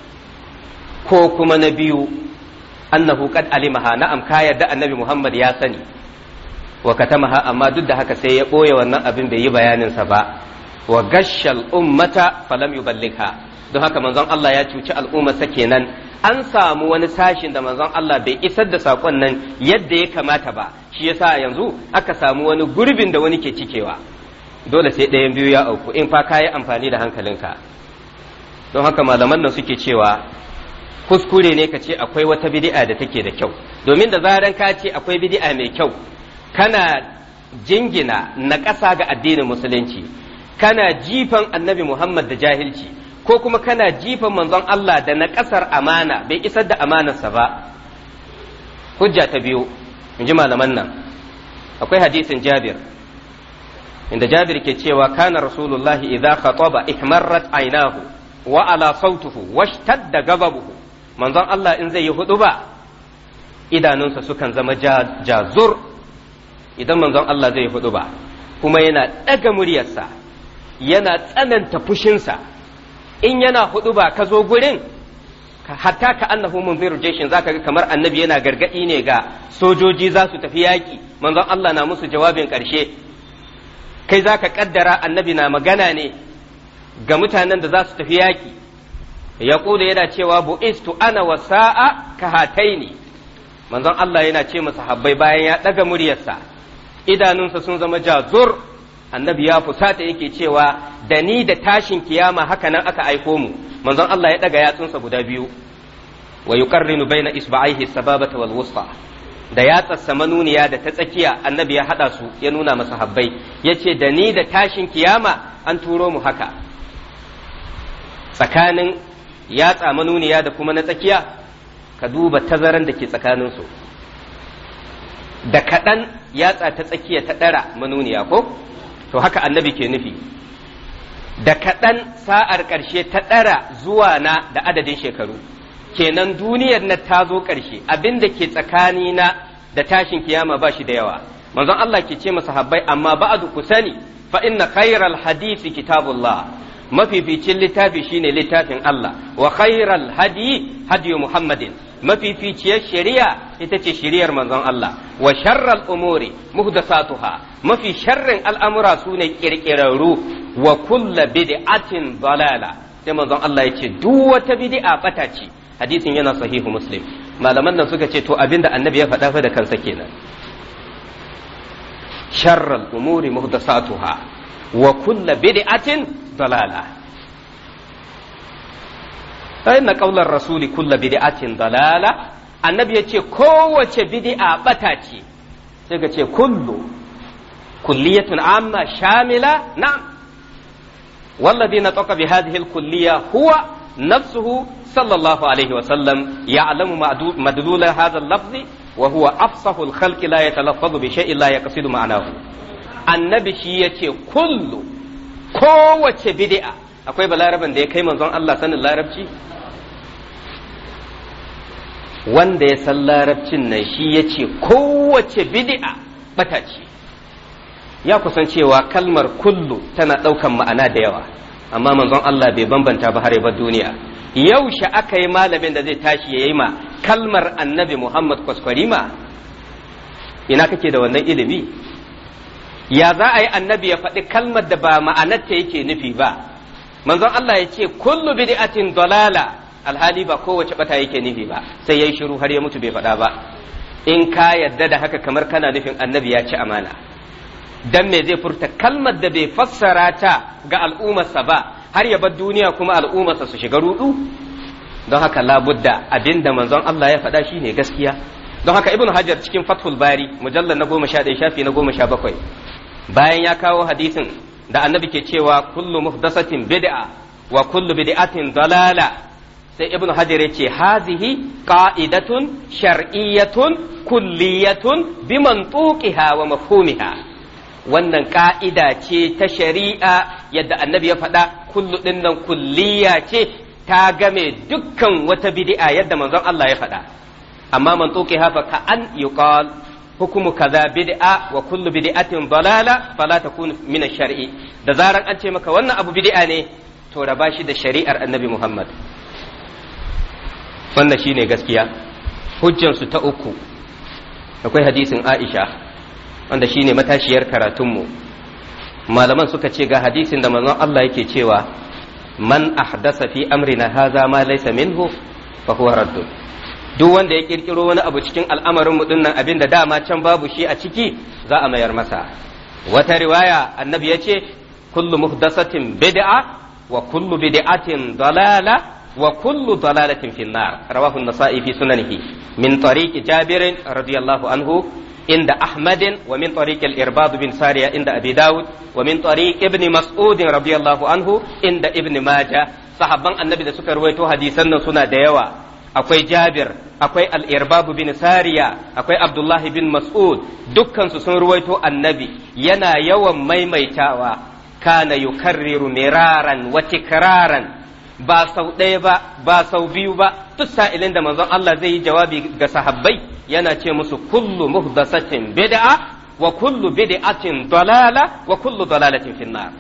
ko kuma na biyu annahu qad alimaha na'am ka yarda annabi Muhammad ya sani wa katamaha amma duk da haka sai ya boye wannan abin bai yi bayanin sa ba wa gashal ummata falam yuballigha don haka manzon Allah ya cuci al'ummar sa kenan an samu wani sashin da manzon Allah bai isar da sakon nan yadda ya kamata ba shi yasa yanzu aka samu wani gurbin da wani ke cikewa dole sai ɗayan biyu ya auku in fa kayi amfani da hankalinka don haka malaman nan suke cewa kuskure ne ka ce akwai wata bid'a da take da kyau domin da zaran ka ce akwai bid'a mai kyau kana jingina na ƙasa ga addinin musulunci kana jifan annabi Muhammad da jahilci ko kuma kana jifan manzon Allah da na ƙasar amana bai isar da amanarsa ba hujja ta biyu in ji malaman nan akwai hadisin Jabir inda Jabir ke cewa kana rasulullahi idza khataba ihmarrat aynahu wa ala sautuhu washtadda gababuhu manzon Allah in zai yi ba idanunsa sukan zama jazur idan manzon Allah zai yi ba kuma yana ɗaga muryarsa yana tsananta fushinsa in yana ba ka zo gurin hatta ka annahu munziru jeshin ka ga kamar annabi yana gargadi ne ga sojoji za su tafi yaƙi manzon Allah na musu jawabin ƙarshe kai za ka ƙaddara annabi na magana ne ga mutanen da za su tafi yaƙi. ya yaqulu yana cewa istu ana wa sa'a ka hatai ne manzon Allah yana ce masa habbai bayan ya daga muryarsa idanunsa sun zama jazur annabi ya fusata yake cewa da ni da tashin kiyama haka nan aka aiko mu manzon Allah ya daga yatsunsa guda biyu wa yuqarrinu baina isba'aihi sababata wal wusta da ya yatsarsa manuniya da ta tsakiya annabi ya haɗa su ya nuna masa habbai ya ce da ni da tashin kiyama an turo mu haka tsakanin yatsa manuniya da kuma na tsakiya ka duba tazaran da ke tsakaninsu da kaɗan yatsa ta tsakiya ta ɗara manuniya ko to haka annabi ke nufi da kaɗan sa'ar ƙarshe ta ɗara zuwa na da adadin shekaru kenan duniyar na ta zo ƙarshe abin da ke tsakani na da tashin kiyama ba shi da yawa manzon Allah ke ce masa habbai amma ba'adu ku sani fa inna khairal hadisi kitabullah mafificin littafi shine littafin Allah wa khairal hadi hadi Muhammadin mafificiyar shari'a ita ce shari'ar manzon Allah wa sharral umuri muhdathatuha mafi sharrin al'amura sune kirkirarru wa kulla bid'atin dalala sai manzon Allah yace duk wata bid'a bata ce hadisin yana sahihu muslim malaman nan suka ce to abinda annabi ya faɗa fa da kansa kenan sharral umuri muhdathatuha وكل بدعة ضلالة فإن قول الرسول كل بدعة ضلالة النبي يقول كوة بدعة بتاتي يقول كل كلية عامة شاملة نعم والذي نطق بهذه الكلية هو نفسه صلى الله عليه وسلم يعلم مدلول هذا اللفظ وهو أفصح الخلق لا يتلفظ بشيء لا يقصد معناه annabi shi yace kullu kowace bid'a akwai balaraban da ya kai manzon Allah sanin larabci wanda ya san larabcin nan shi ya ce kowace bid'a bata ce ya kusan cewa kalmar kullu tana ɗaukan ma'ana da yawa amma manzon Allah bai bambanta ba har ba duniya yaushe aka yi malamin da zai tashi ya yi ma kalmar annabi Muhammad kwaskwarima ina kake da wannan ilimi ya za a yi annabi ya faɗi kalmar da ba ma'anarta yake nufi ba manzon Allah ya ce kullu bid'atin dalala alhali ba kowace bata yake nufi ba sai yayi shiru har ya mutu bai faɗa ba in ka yadda da haka kamar kana nufin annabi ya ci amana dan me zai furta kalmar da bai fassara ta ga al'ummarsa ba har ya bar duniya kuma al'ummarsa su shiga rudu don haka labudda abinda manzon Allah ya faɗa shine gaskiya don haka ibnu hajar cikin fathul bari mujallar na goma sha shafi na goma sha bakwai bayan ya kawo hadisin da annabi ke cewa kullu muhdasatin bid'a wa kullu bid'atin dalala sai ibnu hajar yace hazihi qa'idatun shar'iyyatun kulliyatun bi mantuqiha wa mafhumiha wannan ka'ida ce ta shari'a yadda annabi ya faɗa kullu dinnan kulliya ce ta game dukkan wata bid'a yadda manzon Allah ya faɗa amma mantuqiha fa ka an yuqal hukumu kaza bid'a wa kullu bid'atin dalala fala takun min ash-shar'i da zaran an ce maka wannan abu bid'a ne to raba shi da shari'ar Annabi Muhammad wannan shine gaskiya hujjan su ta uku akwai hadisin Aisha wanda shine matashiyar karatunmu malaman suka ce ga hadisin da manzon Allah yake cewa man ahdasa fi amrina hadha ma laysa minhu fa huwa raddun duk wanda ya kirkiro wani abu cikin al'amarin mu dinnan abin da dama can babu shi a ciki za a mayar masa wata riwaya annabi ya ce kullu muhdasatin bid'a wa kullu bid'atin dalala wa kullu dalalatin fi nar rawahu an-nasa'i fi sunanihi min tariqi jabir radiyallahu anhu inda ahmad wa min tariqi al-irbad bin sariya inda abi daud wa min tariqi ibn mas'ud radiyallahu anhu inda ibn Maja. sahabban annabi da suka ruwaito hadisan nan suna da yawa akwai Jabir akwai al-Irbab bin Sariya akwai Abdullahi bin Mas'ud dukkan sun ruwaito annabi yana yawan maimaitawa kana yukarriru miraran wa tikraran ba sau ɗaya ba ba sau biyu ba duk sa'ilin da manzon Allah zai yi jawabi ga sahabbai yana ce musu kullu muhdasatin bid'a wa kullu bid'atin dalala wa kullu dalalatin finnar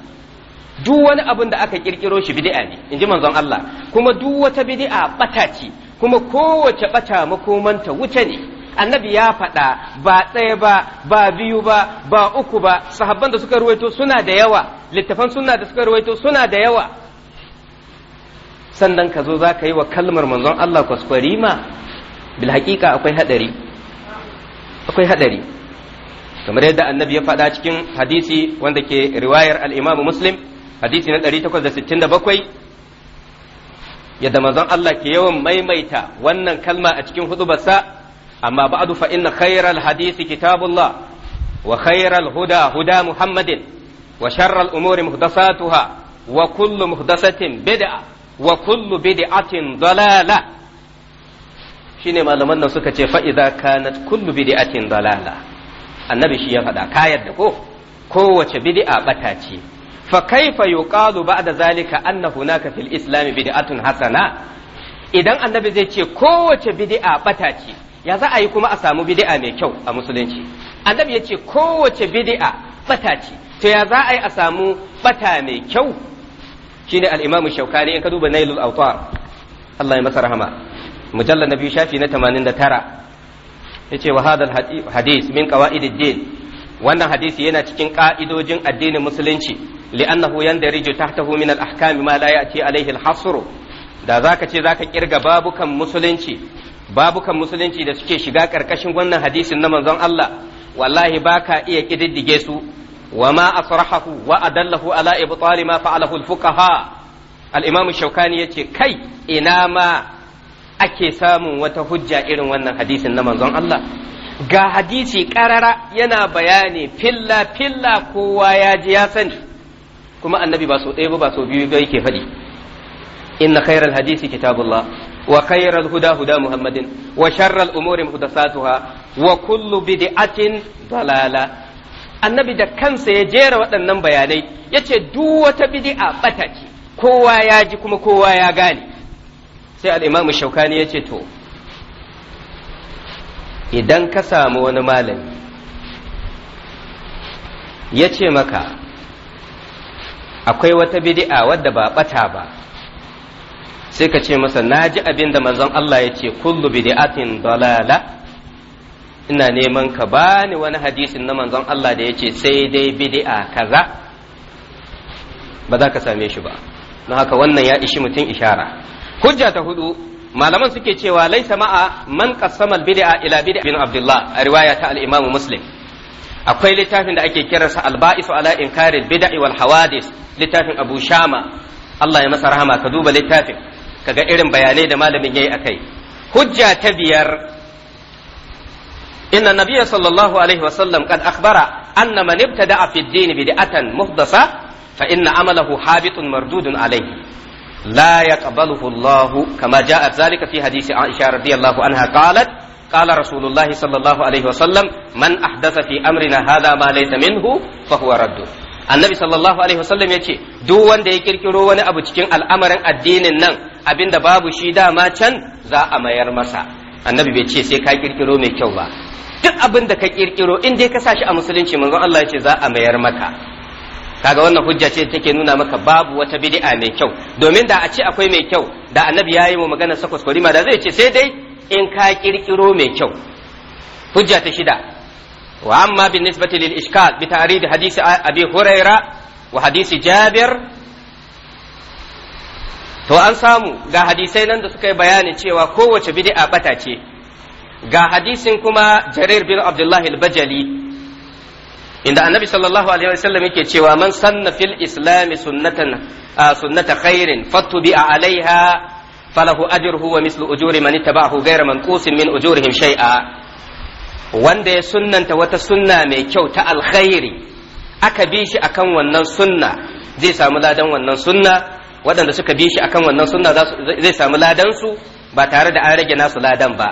duk wani abin da aka kirkiro shi bid'a ne inji manzon Allah kuma duk wata bid'a bata ce kuma kowace ɓata makomanta wuce ne annabi ya faɗa ba ɗaya ba ba biyu ba ba uku ba sahabban da suka ruwaito suna da yawa littafan suna da suka ruwaito suna da yawa sannan ka zo za ka yi wa kalmar manzon Allah kwaskwarima bil haƙiƙa akwai haɗari akwai haɗari kamar yadda annabi ya faɗa cikin hadisi wanda ke riwayar al-imamu muslim hadisi na 867 yadda manzon Allah ke yawan maimaita wannan kalma a cikin hudubarsa amma ba'du fa inna khayral hadisi kitabullah wa khayral huda huda muhammadin wa sharral umuri muhdathatuha wa kullu muhdathatin bid'a wa kullu bid'atin dalala shine malaman nan suka ce fa idza kanat kullu bid'atin dalala annabi shi ya faɗa ka yadda ko kowace bid'a bata ce fa kaifa yuqalu da zalika anna hunaka fil bidi'a bid'atun hasana idan annabi zai ce kowace bid'a bata ce ya za a yi kuma a samu bid'a mai kyau a musulunci annabi ya ce kowace bid'a bata ce to ya za a yi a samu bata mai kyau shine al-imamu shaukani in ka duba nailul awtar Allah ya masa rahama mujallal na biyu shafi na 89 yace wa hadal hadis min qawaidid din wannan hadisi yana cikin ka'idojin addinin musulunci li'annahu yandariju tahtahu min al-ahkam ma la ya'ti ce zaka kirga babukan musulunci babukan musulunci da suke shiga karkashin wannan hadisin na manzon Allah wallahi baka iya kididdige su wa ma asrahahu wa adallahu ala ibtali ma fa'alahu al-fuqaha al-imam shaukani yace kai ina ma ake samun wata hujja irin wannan hadisin na manzon Allah ga hadisi karara yana bayani filla filla kowa ya ji ya sani kuma annabi ba sau ɗaya ba ba biyu ba yake faɗi inna khairal hadisi kitabullah wa khairal huda huda muhammadin wa sharral umuri muhdathatuha wa kullu bid'atin dalala annabi da kansa ya jera waɗannan bayanai yace duk wata bid'a bata ce kowa ya ji kuma kowa ya gane sai al-imam shaukani yace to idan ka samu wani malami yace maka akwai wata bid'a wadda ba bata ba sai ka ce masa na ji abin da manzon Allah ya ce kullu bid'atin dalala ina neman ka bani wani hadisin na manzon Allah da ya ce sai dai bid'a kaza ba za ka same shi ba don haka wannan ya ishi mutum ishara hujja ta hudu malaman suke cewa laisa ma'a man qassama al-bid'a ila bid'a bin Abdullah a riwaya ta al-Imam Muslim akwai littafin da ake kiransa alba'isu ala inkarin bida'i wal hawadis littafin abu shama Allah ya masa rahama ka duba littafin kaga irin bayanai da malamin yayi akai hujja ta biyar inna nabiyya sallallahu alaihi wasallam kad akhbara anna man ibtada'a fi ad-din bid'atan muhdasa fa inna amalahu habitun mardudun alayhi la yaqbaluhu Allah kama ja'a dhalika fi hadisi Aisha radhiyallahu anha qalat qala rasulullahi sallallahu alaihi wasallam man ahdatha fi amrina haza ma laysa minhu fa huwa annabi sallallahu alaihi wasallam yace duk wanda ya kirkiro wani abu cikin al'amarin addinin nan abinda babu shi da can za a mayar masa annabi bai ce sai ka kirkiro mai kyau ba duk abin da ka kirkiro in dai ka sa shi a musulunci manzon Allah ya za a mayar maka kaga wannan hujja ce take nuna maka babu wata bid'a mai kyau domin da a ce akwai mai kyau da annabi yayi mu magana sakwas ma da zai ce sai dai in ka kirkiro mai kyau hujja ta shida wa amma bin nisbati lil ishkal bi ta'rid hadisi abi huraira wa hadisi jabir to an samu ga hadisai nan da suka yi bayani cewa kowace bid'a bata ce ga hadisin kuma jarir bin abdullahi al-bajali inda annabi sallallahu alaihi wasallam yake cewa man sanna fil islami sunnatan sunnata khairin fatubi alaiha falahu ajruhu wa mislu ujuri man ittaba'ahu ghayra manqusin min ujurihim shay'a wanda ya sunnanta wata sunna mai kyau ta alkhairi aka bi shi akan wannan sunna zai samu ladan wannan sunna waɗanda suka bi shi akan wannan sunna zai samu ladan su ba tare da an rage nasu ladan ba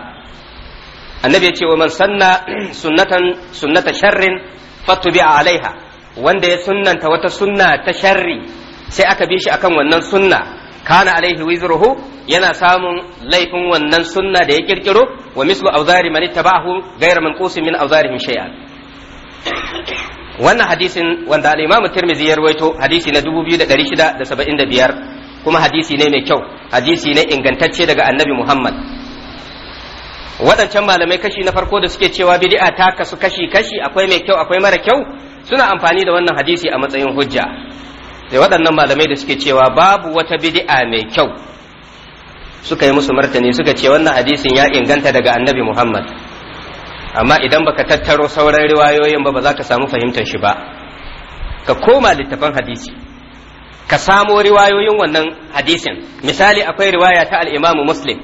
annabi ya ce wa man sanna [CLEARS THROAT] sunnatan sunnata sharrin fatubi alaiha wanda ya sunnanta wata sunna ta sharri sai aka bi shi akan wannan sunna kana alaihi wizruhu yana samun laifin wannan sunna da ya kirkiro wa mislu auzari man ittaba'ahu ghayra manqusin min auzarihim shay'an wannan hadisin wanda al imamu Tirmidhi ya rawaito hadisi na 2675 kuma hadisi ne mai kyau hadisi ne ingantacce daga Annabi Muhammad waɗancan malamai kashi na farko da suke cewa bid'a ta kasu kashi kashi akwai mai kyau akwai mara kyau suna amfani da wannan hadisi a matsayin hujja da waɗannan malamai da suke cewa babu wata bid'a mai kyau suka yi musu martani suka ce wannan hadisin ya inganta daga annabi Muhammad amma idan baka tattaro sauran riwayoyin ba ba za ka samu fahimtar shi ba ka koma littafan hadisi ka samo riwayoyin wannan hadisin misali akwai riwaya ta al-Imam Muslim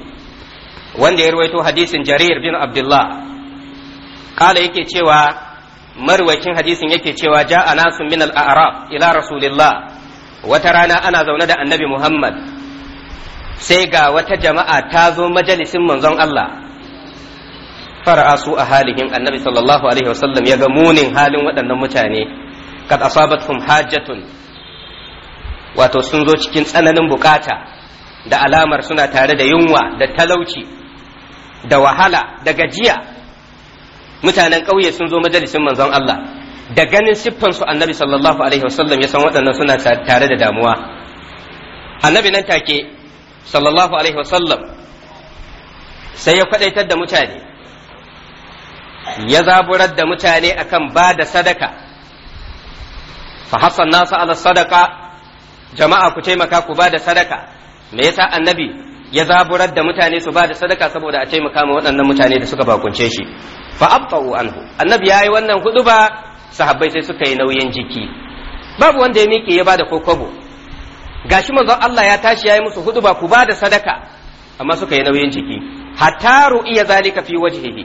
wanda ya ruwaito hadisin Jarir bin Abdullah kala yake cewa marwakin hadisin yake cewa ja'a nasun min al-a'rab ila rasulillah wata rana ana zaune da annabi Muhammad sai ga wata jama'a ta zo majalisin manzon Allah fara'asu a halihin annabi sallallahu alaihi wasallam ya ga munin halin waɗannan mutane kad hum hajjatun wato sun zo cikin tsananin bukata da alamar suna tare da yunwa da talauci da wahala da gajiya mutanen ƙauye sun zo majalisin manzon Allah da ganin siffan su annabi sallallahu alaihi wasallam ya san waɗannan suna tare da damuwa annabi nan take sallallahu alaihi wasallam sai ya kwadaitar da mutane ya zaburar da mutane akan ba da sadaka fa hassan nasu ala sadaka jama'a ku taimaka ku ba da sadaka me yasa annabi ya zaburar da mutane su ba da sadaka saboda a taimaka ma waɗannan mutane da suka bakunce shi fa abqa'u anhu annabi yayi wannan huduba sahabbai sai suka yi nauyin jiki babu wanda ya miƙe ya bada ko kwabo gashi manzon Allah ya tashi ya yi musu huduba ku bada sadaka amma suka yi nauyin jiki hatta ru'iya zalika fi wajhihi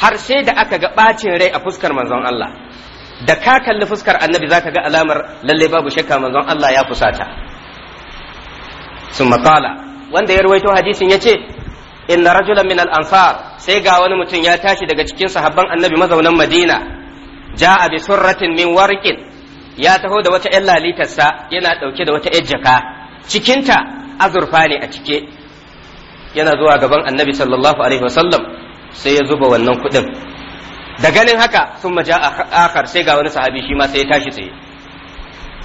har sai da aka ga bacin rai a fuskar manzon Allah da ka kalli fuskar annabi zaka ga alamar lalle babu shakka manzon Allah ya fusata summa qala wanda ya rawaito hadisin yace inna rajulan min al-ansar sai ga wani mutum ya tashi daga cikin sahabban annabi mazaunan Madina ja'a bi surratin min warqin ya taho da wata 'yan lalitarsa yana ɗauke da wata 'yan jaka cikinta azurfa ne a cike yana zuwa gaban annabi sallallahu alaihi wasallam sai ya zuba wannan kuɗin da ganin haka sun maja a akar sai ga wani sahabi shi ma sai ya tashi tsaye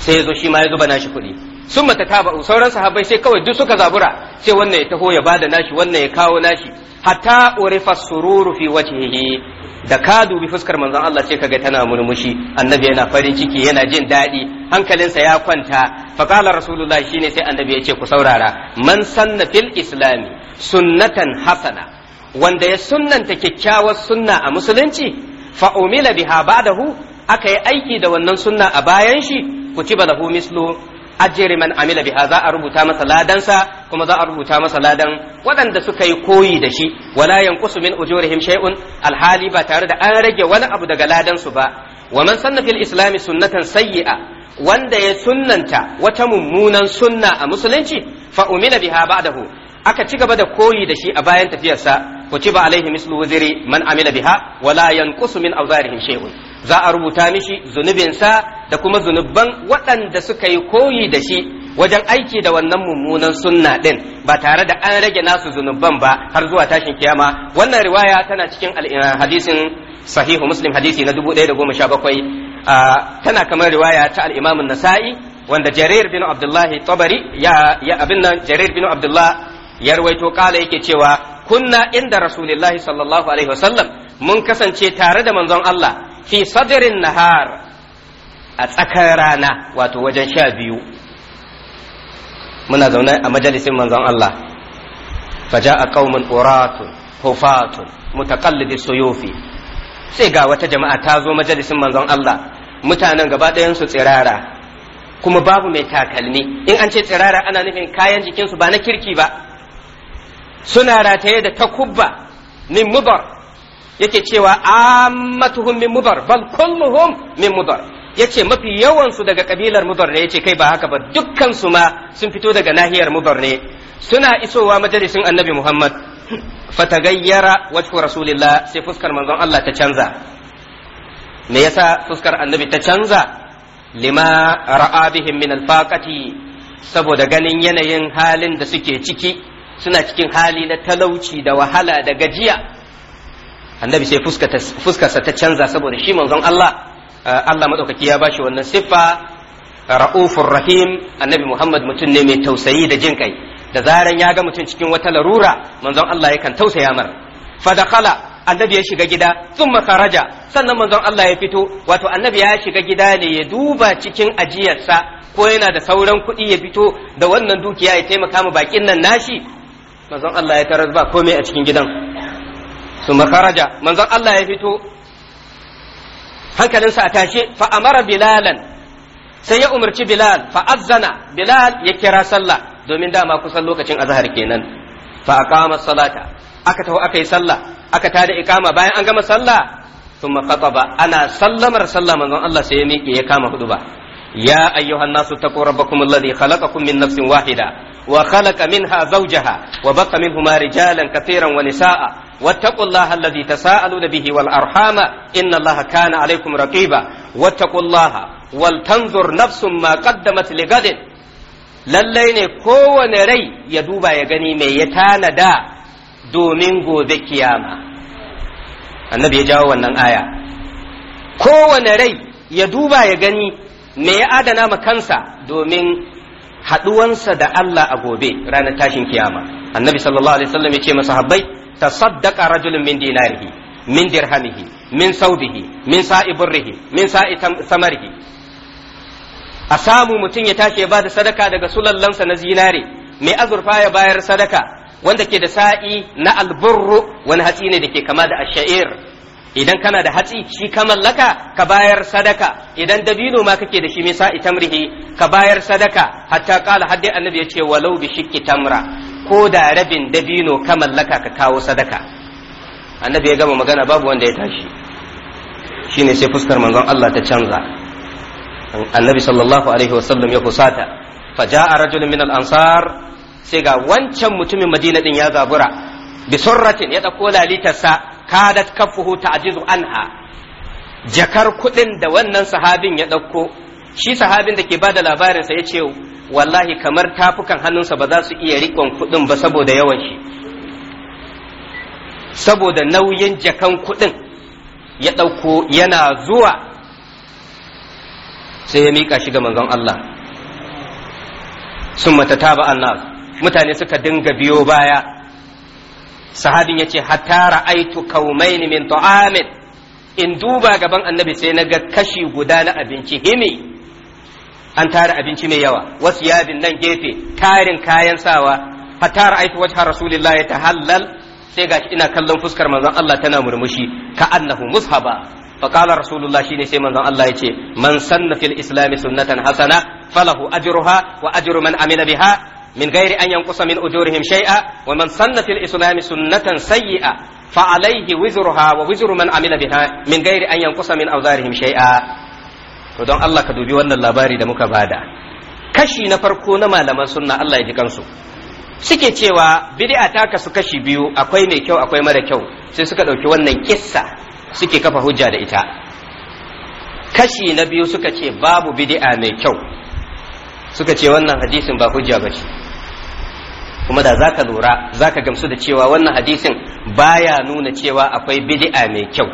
sai ya zo shi ma ya zuba nashi kuɗi sun mata ta ba'u sauran sahabbai sai kawai duk suka zabura sai wannan ya taho ya bada nashi wannan ya kawo nashi hatta urifa sururu fi wajhihi da ka dubi fuskar manzon Allah sai kaga tana murmushi annabi yana farin ciki yana jin daɗi hankalinsa ya kwanta fa qala rasulullah shine sai annabi ya ce ku saurara man sanna fil islami sunnatan hasana wanda ya sunnanta kyakkyawar sunna a musulunci fa umila biha ba'dahu aka yi aiki da wannan sunna a bayan shi ku ci balahu mislu ajiri man amila biha za a rubuta masa ladansa kuma za a rubuta masa ladan waɗanda suka yi koyi da shi wala yanqusu min ujurihim shay'un alhali ba tare da an rage wani abu daga ladansu ba wa man sanna fil islami sunnatan sayyi'a wanda ya sunnanta wata mummunan sunna a musulunci fa umila biha ba'dahu aka ci gaba da koyi da shi a bayan tafiyarsa kutiba alaihi mislu wuziri man amila biha wala yanqusu min awzarihim shay'un za a rubuta mishi zunubinsa da kuma zunuban waɗanda suka yi koyi da shi wajen aiki da wannan mummunan sunna ɗin ba tare da an rage nasu zunuban ba har zuwa tashin kiyama wannan riwaya tana cikin eh, hadisin sahihu muslim hadisi na 1017 ah, tana kamar riwaya ta al'imamin nasai wanda jarir bin abdullahi tabari ya abin nan jarir bin abdullah ya rawaito kala yake cewa kunna inda rasulillahi sallallahu alaihi wasallam mun kasance tare da manzon Allah fi sadrin nahar a tsakar rana wato wajen sha biyu muna zaune a majalisin manzon Allah faja'a qaumun uratun hufatun mutaqallidi suyufi sai ga wata jama'a ta zo majalisin manzon Allah mutanen gaba ɗayan su tsirara kuma babu mai takalmi in an ce tsirara ana nufin kayan jikinsu ba na kirki ba suna rataye da takubba min mubar yake cewa ammatuhum min mubar bal kulluhum min mubar Ya ce mafi yawansu daga kabilar mubarne ce kai ba haka ba dukkan su ma sun fito daga nahiyar mubarne suna isowa majalisin annabi Muhammad [CLEARS THROAT] fatagayyara wajhu rasulillah sai fuskar manzon Allah ta canza me yasa fuskar annabi ta canza lima ra'a bihim min alfaqati saboda ganin yanayin halin da suke ciki suna cikin hali na talauci da wahala da gajiya annabi sai fuskarsa ta canza saboda shi manzon Allah Eh, Allah maɗaukaki ya bashi wannan siffa ra'ufur rahim annabi Muhammad mutum ne mai tausayi da jin kai da zaran ya ga mutum cikin wata larura manzon Allah yakan tausaya mar fa annabi ya shiga gida thumma kharaja sannan manzon Allah ya fito wato annabi ya shiga gida ne ya duba cikin ajiyarsa ko yana da sauran kuɗi ya fito da wannan dukiya ya taimaka mu bakin nan nashi manzon Allah ya taras ba komai a cikin gidan thumma kharaja manzon Allah ya fito hankalinsa a tashe fa amara bilalan sai ya umarci bilal fa azzana bilal ya kira sallah domin dama kusan lokacin azhar kenan fa aqama salata aka taho aka yi sallah aka tada iqama bayan an gama sallah thumma khataba ana sallamar sallah manzon Allah sai ya miƙe ya kama huduba يا أيها الناس اتقوا min الذي خلقكم من نفس واحدة وخلق منها زوجها وبق rijalan رجالا كثيرا sa'a. واتقوا الله الذي تساءلون به والأرحام إن الله كان عليكم رقيبا واتقوا الله ولتنظر نفس ما قدمت لغد lallai ne kowane rai ya duba ya gani mai ya tanada domin gobe kiyama annabi ya jawo wannan aya kowane rai ya duba ya gani mai ya adana ma kansa domin haɗuwansa da Allah a gobe ranar tashin kiyama annabi sallallahu alaihi wasallam ya ce masahabbai tasaddaqa rajulun min dinarihi min dirhamihi min min sa'i burrihi min sa'i samarihi a samu mutum ya tashi ya bada sadaka daga sulallansa na zinari mai azurfa ya bayar sadaka wanda ke da sa'i na alburru wani hatsi ne da ke kama da asha'ir idan kana da hatsi shi ka mallaka ka bayar sadaka idan dabino ma kake da shi mai sa'i tamrihi ka bayar sadaka hatta qala haddi annabi ce walau bi shikki tamra ko da rabin dabino ka mallaka ka kawo sadaka annabi ya gama magana babu wanda ya tashi shine sai fuskar manzon Allah ta canza annabi sallallahu alaihi wasallam ya husata faja'a rajulun min al-ansar sai ga wancan mutumin madina din ya zabura bi surratin ya dauko lalitarsa kadat kafuhu ta'jizu anha jakar kudin da wannan sahabin ya dauko shi sahabin da ke bada labarinsa ya ce wallahi kamar tafukan hannunsa ba za su iya rikon kuɗin ba saboda yawan shi saboda nauyin jakan kuɗin ya ɗauko yana zuwa sai ya miƙa shi ga manzon Allah sun matata ba annas mutane suka dinga biyo baya sahabin ya ce hatta ra'aitu kaumaini min ta'amin in duba gaban annabi sai na ga kashi guda na abinci himi an tara abinci mai yawa wasu yadin nan gefe tarin kayan sawa fatar ra'aytu wajha rasulillah tahallal sai gashi ina kallon fuskar manzon Allah tana murmushi ka annahu mushaba fa qala rasulullah shine sai manzon Allah yace man sanna fil islam sunnatan Hassana. falahu ajruha wa ajru man amila biha min ghairi an yanqusa min ujurihim shai'a. wa man sanna fil islam sunnatan sayyi'a fa alayhi wizruha wa wizru man amila biha min ghairi anyan yanqusa min awzarihim shay'a to don Allah ka dubi wannan labari da muka bada kashi na farko na malaman sunna Allah ya ji kansu suke cewa bid'a ta kasu kashi biyu akwai mai kyau akwai mara kyau sai suka ɗauki wannan kissa suke kafa hujja da ita kashi na biyu suka ce babu bid'a mai kyau suka ce wannan hadisin ba hujja ba ce kuma da za ka lura za ka gamsu da cewa wannan hadisin baya nuna cewa akwai bid'a mai kyau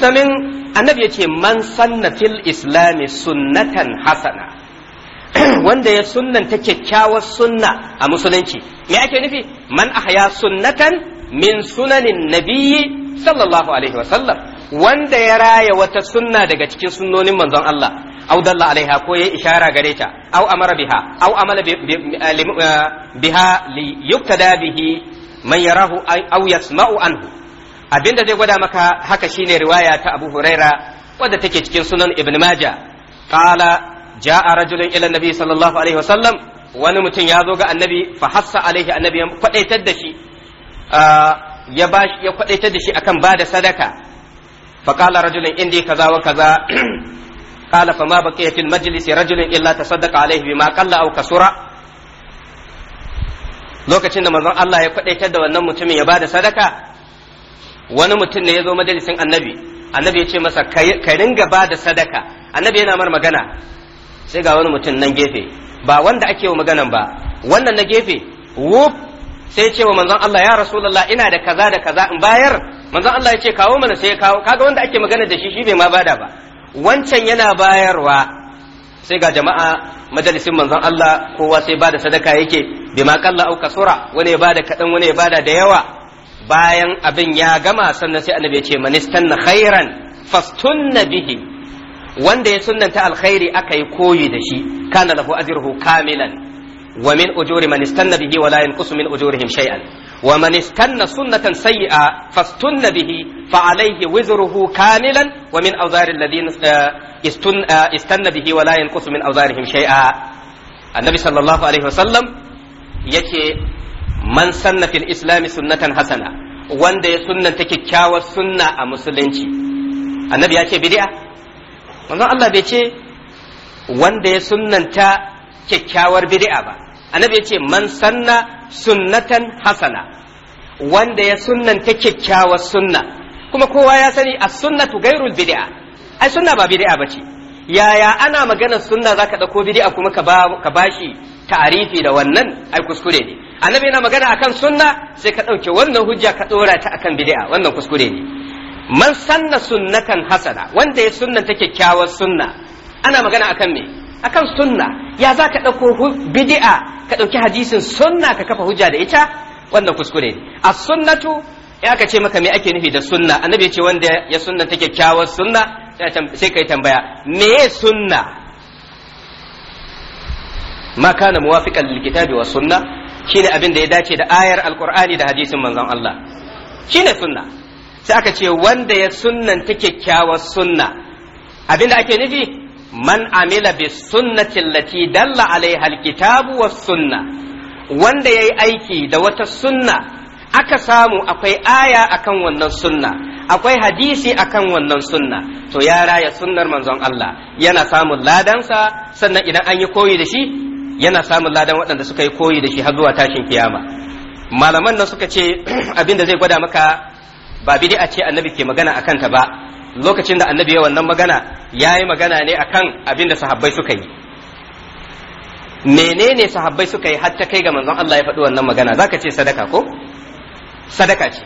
domin annabi ya ce man sanna fil islami sunnatan hasana [CLEARS THROAT] wanda ya ta kyakkyawar sunna a musulunci me ake nufi man ahya sunnatan min sunanin nabiyyi sallallahu alaihi wa sallam, wanda ya raya wata sunna daga cikin sunnonin manzon Allah au dalla alaiha ko ya ishara gare ta au amara biha au amala eh, eh, biha li yuktada bihi man yarahu au yasma'u anhu Abin da zai gwada maka haka shine riwaya ta Abu Huraira wadda take cikin sunan Ibn Majah qala ja'a rajulun ila nabi sallallahu alaihi wasallam wani mutum ya zo ga annabi fa hassa alaihi annabi ya kwadaitar da shi ah, ya bashi ya kwadaitar da shi akan bada sadaka fa qala rajulun indi kaza wa kaza [CLEARS THROAT] qala fa ma baqiya fil majlis rajulun illa tasaddaqa alaihi bima qalla aw kasura lokacin da manzon Allah ya kwadaitar da wannan mutumin ya ba da sadaka wani mutum ne ya zo majalisin annabi annabi ya ce masa ka ringa ba da sadaka annabi yana mar magana sai ga wani mutum nan gefe ba wanda ake wa maganan ba wannan na gefe wuf sai ce wa manzon Allah ya rasulullah ina da kaza da kaza in bayar manzon Allah ya ce kawo mana sai ya kawo kaga wanda ake magana da shi shi bai ma bada ba wancan yana bayarwa sai ga jama'a majalisin manzon Allah kowa sai bada sadaka yake bima qalla au kasura wani ya bada kadan wani ya bada da yawa bayan abin ya gama sannan sai annabi ya ce manistan na khairan fastunna bihi wanda ya sunnanta alkhairi aka yi koyi da shi kana lahu ajruhu kamilan wa min ujuri man istanna bihi wa la yanqusu min ujurihim shay'an wa man istanna sunnatan sayyi'a fastunna bihi fa alayhi wizruhu kamilan wa min awzari alladhina eh, eh, istanna bihi wa la yanqusu min awzarihim shay'a annabi sallallahu alaihi wasallam yake man sanna fil islami sunnatan hasana wanda ya sunnanta kyakkyawar sunna a musulunci annabi ya ce bid'a manzon Allah bai ce wanda ya sunnanta kyakkyawar bid'a ba annabi ya ce man sanna sunnatan hasana wanda ya sunnanta kyakkyawar sunna kuma kowa ya sani as sunnatu gairul bid'a ai sunna ba bid'a ba ce yaya ana maganar sunna zaka dauko bid'a kuma ka ba ka bashi ta'arifi da wannan ai kuskure ne annabi yana magana akan sunna sai ka ɗauke wannan hujja ka ɗora ta akan bid'a wannan kuskure ne man sanna sunnatan hasana wanda ya ta kyakkyawar sunna ana magana akan me akan sunna ya za ka ɗauko bid'a ka ɗauki hadisin sunna ka kafa hujja da ita wannan kuskure ne as sunnatu ya aka ce maka me ake nufi da sunna annabi ya ce wanda ya sunna ta kyakkyawar sunna sai kai tambaya me sunna ma kana muwafiqan lil kitabi wa sunna shine abin da ya dace da ayar alkur'ani da hadisin manzon Allah shine sunna sai aka ce wanda ya sunnanta kyakkyawar sunna abin da ake nufi man amila bi sunnati allati dalla alaiha alkitabu was sunna wanda yayi aiki da wata sunna aka samu akwai aya akan wannan sunna akwai hadisi akan wannan sunna to ya raya sunnar manzon Allah yana samun ladansa sannan idan an yi koyi da shi yana samun ladan waɗanda suka yi koyi da shi har zuwa tashin kiyama malaman nan suka ce [CLEARS THROAT] abin da zai gwada maka ba a ce annabi ke magana akan ta ba lokacin da annabi ya wannan magana yi magana ne akan abin da sahabbai suka yi menene sahabbai suka yi har ta kai ga manzon Allah ya faɗi wannan magana zaka ce sadaka ko sadaka ce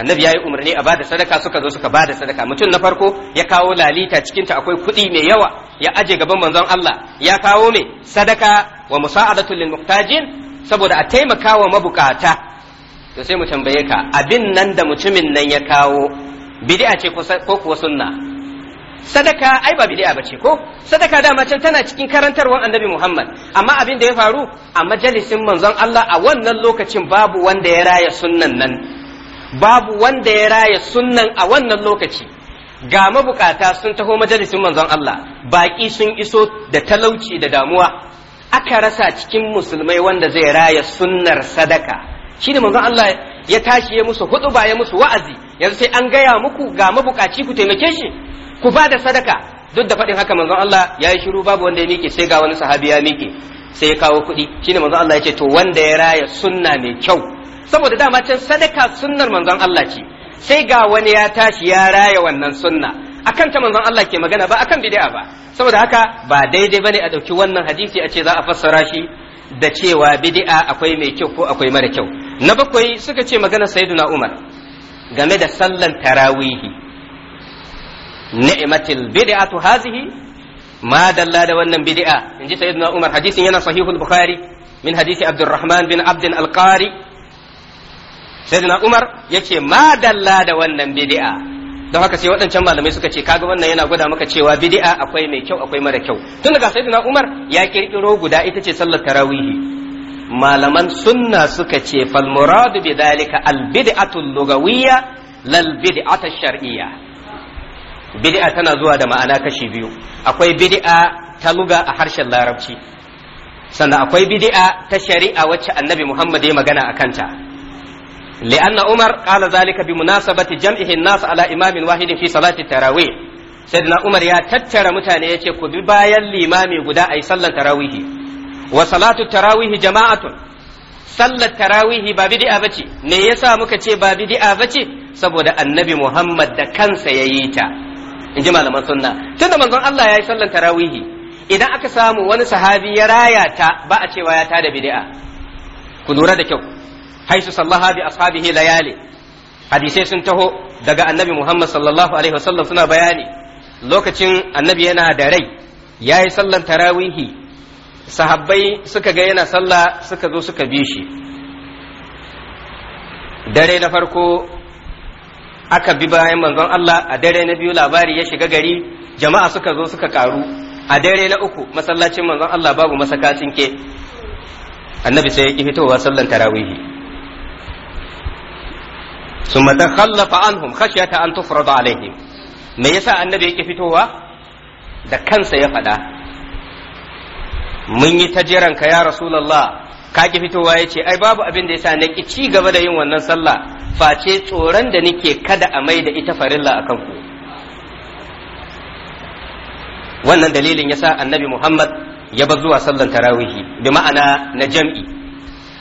annabi yi umarni a bada sadaka suka zo suka bada sadaka mutum na farko ya kawo lalita cikin ta akwai kuɗi mai yawa ya aje gaban manzon Allah ya kawo mai sadaka wa musa'adatu lil muhtajin saboda a taimaka wa mabukata to sai mu tambaye ka abin nan da mutumin nan ya kawo bid'a ce ko kuwa sunna sadaka ai ba bid'a bace ko sadaka dama can tana cikin karantarwar annabi Muhammad amma abin da ya faru a majalisin manzon Allah a wannan lokacin babu wanda ya raya sunnan nan babu wanda ya raya sunnan a wannan lokaci ga mabukata sun taho majalisin manzon Allah baki sun iso da talauci da damuwa aka rasa cikin musulmai wanda zai raya sunnar sadaka shi ne manzon Allah ya tashi ya musu hudu ba ya musu wa'azi yanzu sai an gaya muku ga mabukaci ku taimake shi ku ba da sadaka duk da faɗin haka manzon Allah ya yi shiru babu wanda ya miƙe sai ga wani sahabi ya miƙe sai ya kawo kuɗi shi ne manzon Allah ya ce to wanda ya raya sunna mai kyau saboda dama can sadaka sunnar manzon Allah ce sai ga wani ya tashi ya raya wannan sunna akan ta manzon Allah ke magana ba akan bid'a ba saboda haka ba daidai bane a dauki wannan hadisi a ce za a fassara shi da cewa bid'a akwai mai kyau ko akwai mara kyau na bakwai suka ce magana sayyiduna Umar game da sallan tarawihi ni'matil bid'atu hazihi ما دل da wannan bid'a inji sayyidina Umar hadisin yana sahihul Buhari min hadisi Abdurrahman bin Abd al sayyidina umar ya ma dalla da wannan bid'a don haka sai waɗancan malamai suka ce kaga wannan yana gwada maka cewa bid'a akwai mai kyau akwai mara kyau tun daga sayyidina umar ya kirkiro guda ita ce sallar tarawihi malaman sunna suka ce fal murad bi dalika al bid'atu lugawiyya lal bid'atu shar'iyya bid'a tana zuwa da ma'ana kashi biyu akwai bid'a ta luga a harshen larabci sannan akwai bid'a ta shari'a wacce annabi Muhammad ya magana a kanta لأن عمر قال ذلك بمناسبة جمعه الناس على إمام واحد في صلاة التراويح سيدنا عمر يا تتر متاني يتي كبي بايا الإمام قداء أي صلى تراويح وصلاة التراويح جماعة صلى التراويح بابدي أبتي نيسا مكتي بابدي أبتي سبود النبي محمد دا كان سييتا إن جمال من سنة تند من ظن الله يا صلى التراويح إذا أكسام ونسحابي يرايا تا بأتي ويا تا دا بدي ku lura da kyau haisu sallaha bi ashabihi layali hadisai sun taho daga annabi Muhammad sallallahu alaihi wasallam suna bayani lokacin annabi yana da rai yayi sallan tarawihi sahabbai suka ga yana sallah suka zo suka bi shi dare na farko aka bi bayan manzon Allah a dare na biyu labari ya shiga gari jama'a suka zo suka karu a dare na uku masallacin manzon Allah babu masaka ke annabi sai ya ki fitowa sallan tarawihi summa takhallafa anhum khashyata an tufrada alaihim me yasa annabi yake fitowa da kansa ya faɗa mun yi ta ka ya rasulullah ka ki fitowa ya ce ai babu abin da yasa na ki ci gaba da yin wannan sallah face tsoron da nake kada a mai da ita farilla akan ku wannan dalilin yasa annabi Muhammad ya bar zuwa sallan tarawihi bi ma'ana na jam'i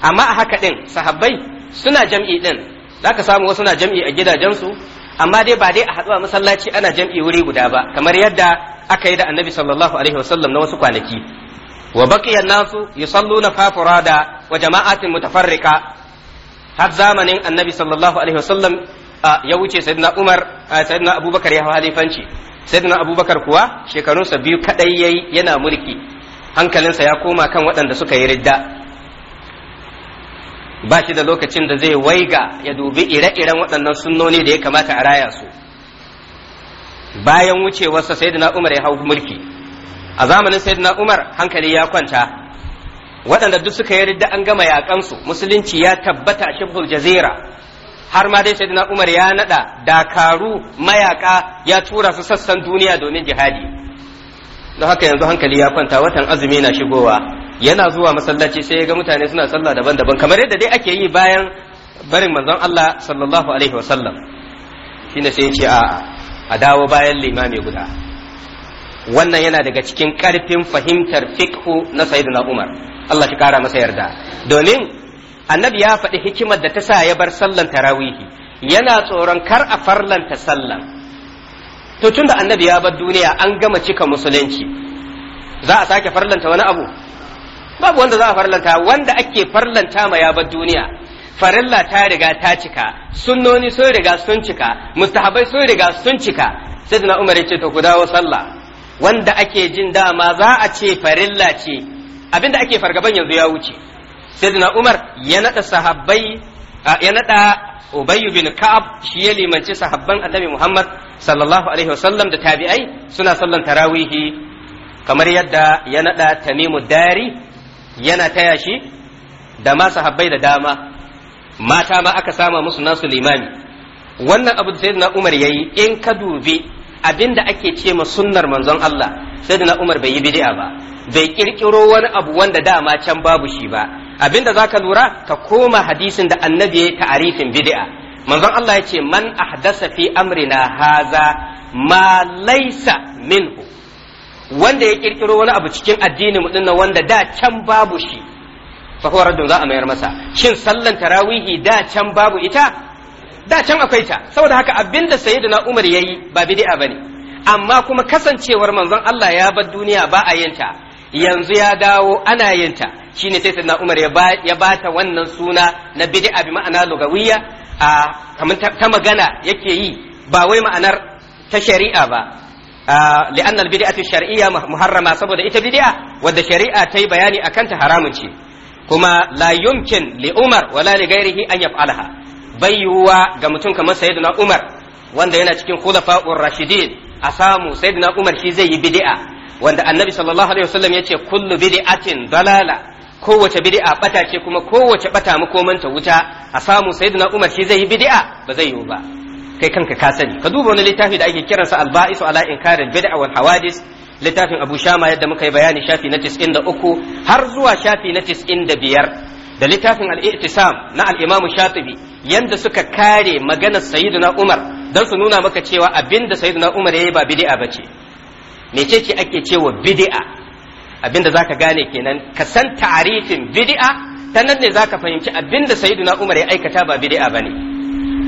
amma a haka din sahabbai suna jam'i din za ka samu wasu na jam'i a gidajensu amma dai ba dai a haɗuwa masallaci ana jam'i wuri guda ba kamar yadda aka yi da annabi sallallahu alaihi wasallam na wasu kwanaki wa baqiya nasu yusalluna fafurada wa jama'atin mutafarriqa har zamanin annabi sallallahu alaihi wasallam ya wuce sayyidina umar sayyidina abubakar ya halifanci sayyidina abubakar kuwa shekarunsa biyu kadai yayi yana mulki hankalinsa ya koma kan waɗanda suka yi ridda ba shi da lokacin da zai waiga ya dubi ire-iren waɗannan sunnoni da ya kamata a raya su bayan wucewarsa na Umar ya hau mulki a zamanin na Umar hankali ya kwanta waɗanda duk suka yarda an gama yaƙansu musulunci ya tabbata a shibhul jazira har ma dai sayyidina Umar ya naɗa dakaru mayaƙa ya tura su sassan duniya domin jihadi don haka yanzu hankali ya kwanta watan azumi na shigowa yana zuwa masallaci sai ya ga mutane suna sallah daban-daban kamar yadda dai ake yi bayan barin manzon Allah sallallahu alaihi wasallam shine sai ya ce a'a a dawo bayan limami guda wannan yana daga cikin karfin fahimtar fiqhu na sayyidina Umar Allah shi kara masa yarda domin annabi ya faɗi hikimar da ta sa ya bar sallan tarawihi yana tsoron kar a farlanta sallan to tunda annabi ya bar duniya an gama cika musulunci za a sake farlanta wani abu babu wanda za a farlanta wanda ake farlanta ma ya bar duniya farilla ta riga ta cika sunnoni sun riga sun cika mustahabai sun riga sun cika na umar yace to ku dawo sallah wanda ake jin dama za a ce farilla ce abinda ake fargaban yanzu ya wuce sayyidina umar ya nada sahabbai ya nada Ubay bin Ka'ab shi ya limanci sahabban Annabi Muhammad sallallahu alaihi wasallam da tabi'ai suna sallan tarawihi kamar yadda ya nada tamimud Dari yana taya shi da ma sahabbai da dama mata ma aka sama musu nasu limami wannan abu da sayyidina Umar yayi in ka dubi abinda ake ce ma sunnar manzon Allah sayyidina Umar bai yi bid'a ba bai kirkiro wani abu wanda dama can babu shi ba abinda zaka lura ka koma hadisin da annabi ya ta'arifin bid'a manzon Allah ya ce man ahdasa fi amrina haza ma laysa minhu wanda ya kirkiro wani abu cikin addinin mu dinnan wanda da can babu shi fa huwa za a mayar masa shin sallan tarawihi da can babu ita da can akwai ta saboda haka abinda sayyidina Umar yayi ba bid'a bane amma kuma kasancewar manzon Allah ya bar duniya ba a yinta yanzu ya dawo ana yinta shine sai sayyidina Umar ya ba ta wannan suna na bid'a bi ma'ana lugawiyya a kamar ta magana yake yi ba wai ma'anar ta shari'a ba li'anna al-bid'atu shar'iyya muharrama saboda ita bid'a wadda shari'a ta yi bayani akan ta haramun ce kuma la yumkin li Umar wala li ghairihi an yaf'alaha bai yiwuwa ga mutum kamar sayyidina Umar wanda yana cikin khulafa'ur rashidin a samu sayyidina Umar shi zai yi bid'a wanda annabi sallallahu alaihi wasallam yace kullu bid'atin dalala kowace bid'a bata ce kuma kowace bata makomanta wuta a samu sayyidina Umar shi zai yi bid'a ba zai yiwu ba kai kanka ka sani ka duba wani littafi da ake kiransa al-ba'isu ala in bid'a wal hawadis littafin Abu Shama yadda muka yi bayani shafi na 93 har zuwa shafi na 95 da littafin al-i'tisam na al-Imam Shatibi yanda suka kare maganar Sayyidina Umar dan su nuna maka cewa abinda Sayyidina Umar yayi ba bid'a bace mecece ake cewa bid'a abinda zaka gane kenan ka san ta'arifin bid'a ta nan ne zaka fahimci abinda Sayyidina Umar ya aikata ba bid'a bane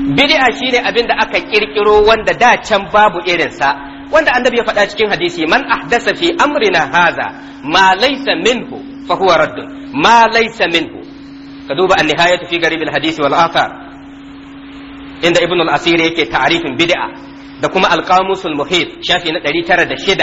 bid'a shine abin da aka kirkiro wanda da can babu irinsa wanda annabi ya faɗa cikin hadisi man ahdasa fi amrina haza ma laysa minhu fa huwa raddun ma laysa minhu ka duba an nihayatu fi garib hadisi wal athar inda ibn al asir yake ta'rifin bid'a da kuma al qamus muhit shafi na 906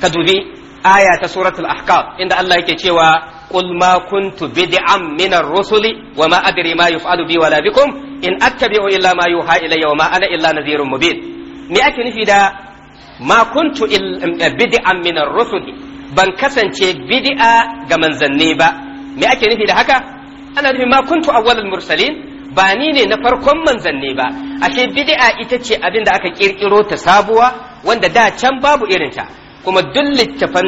ka dubi aya ta suratul ahqaf inda Allah yake cewa قل ما كنت بدعا من الرسل وما أدري ما يفعل بي ولا بكم إن أتبع إلا ما يوحى إلي وما أنا إلا نذير مبين me ake nufi da ma kuntu bid'an min ar-rusul ban kasance bid'a ga manzanni ba me ake nufi da haka ana nufi ma kuntu awwalul mursalin ba ni ne na farkon manzanni ba ashe bid'a ita ce abin da aka kirkiro ta sabuwa wanda da can babu irinta kuma duk littattafan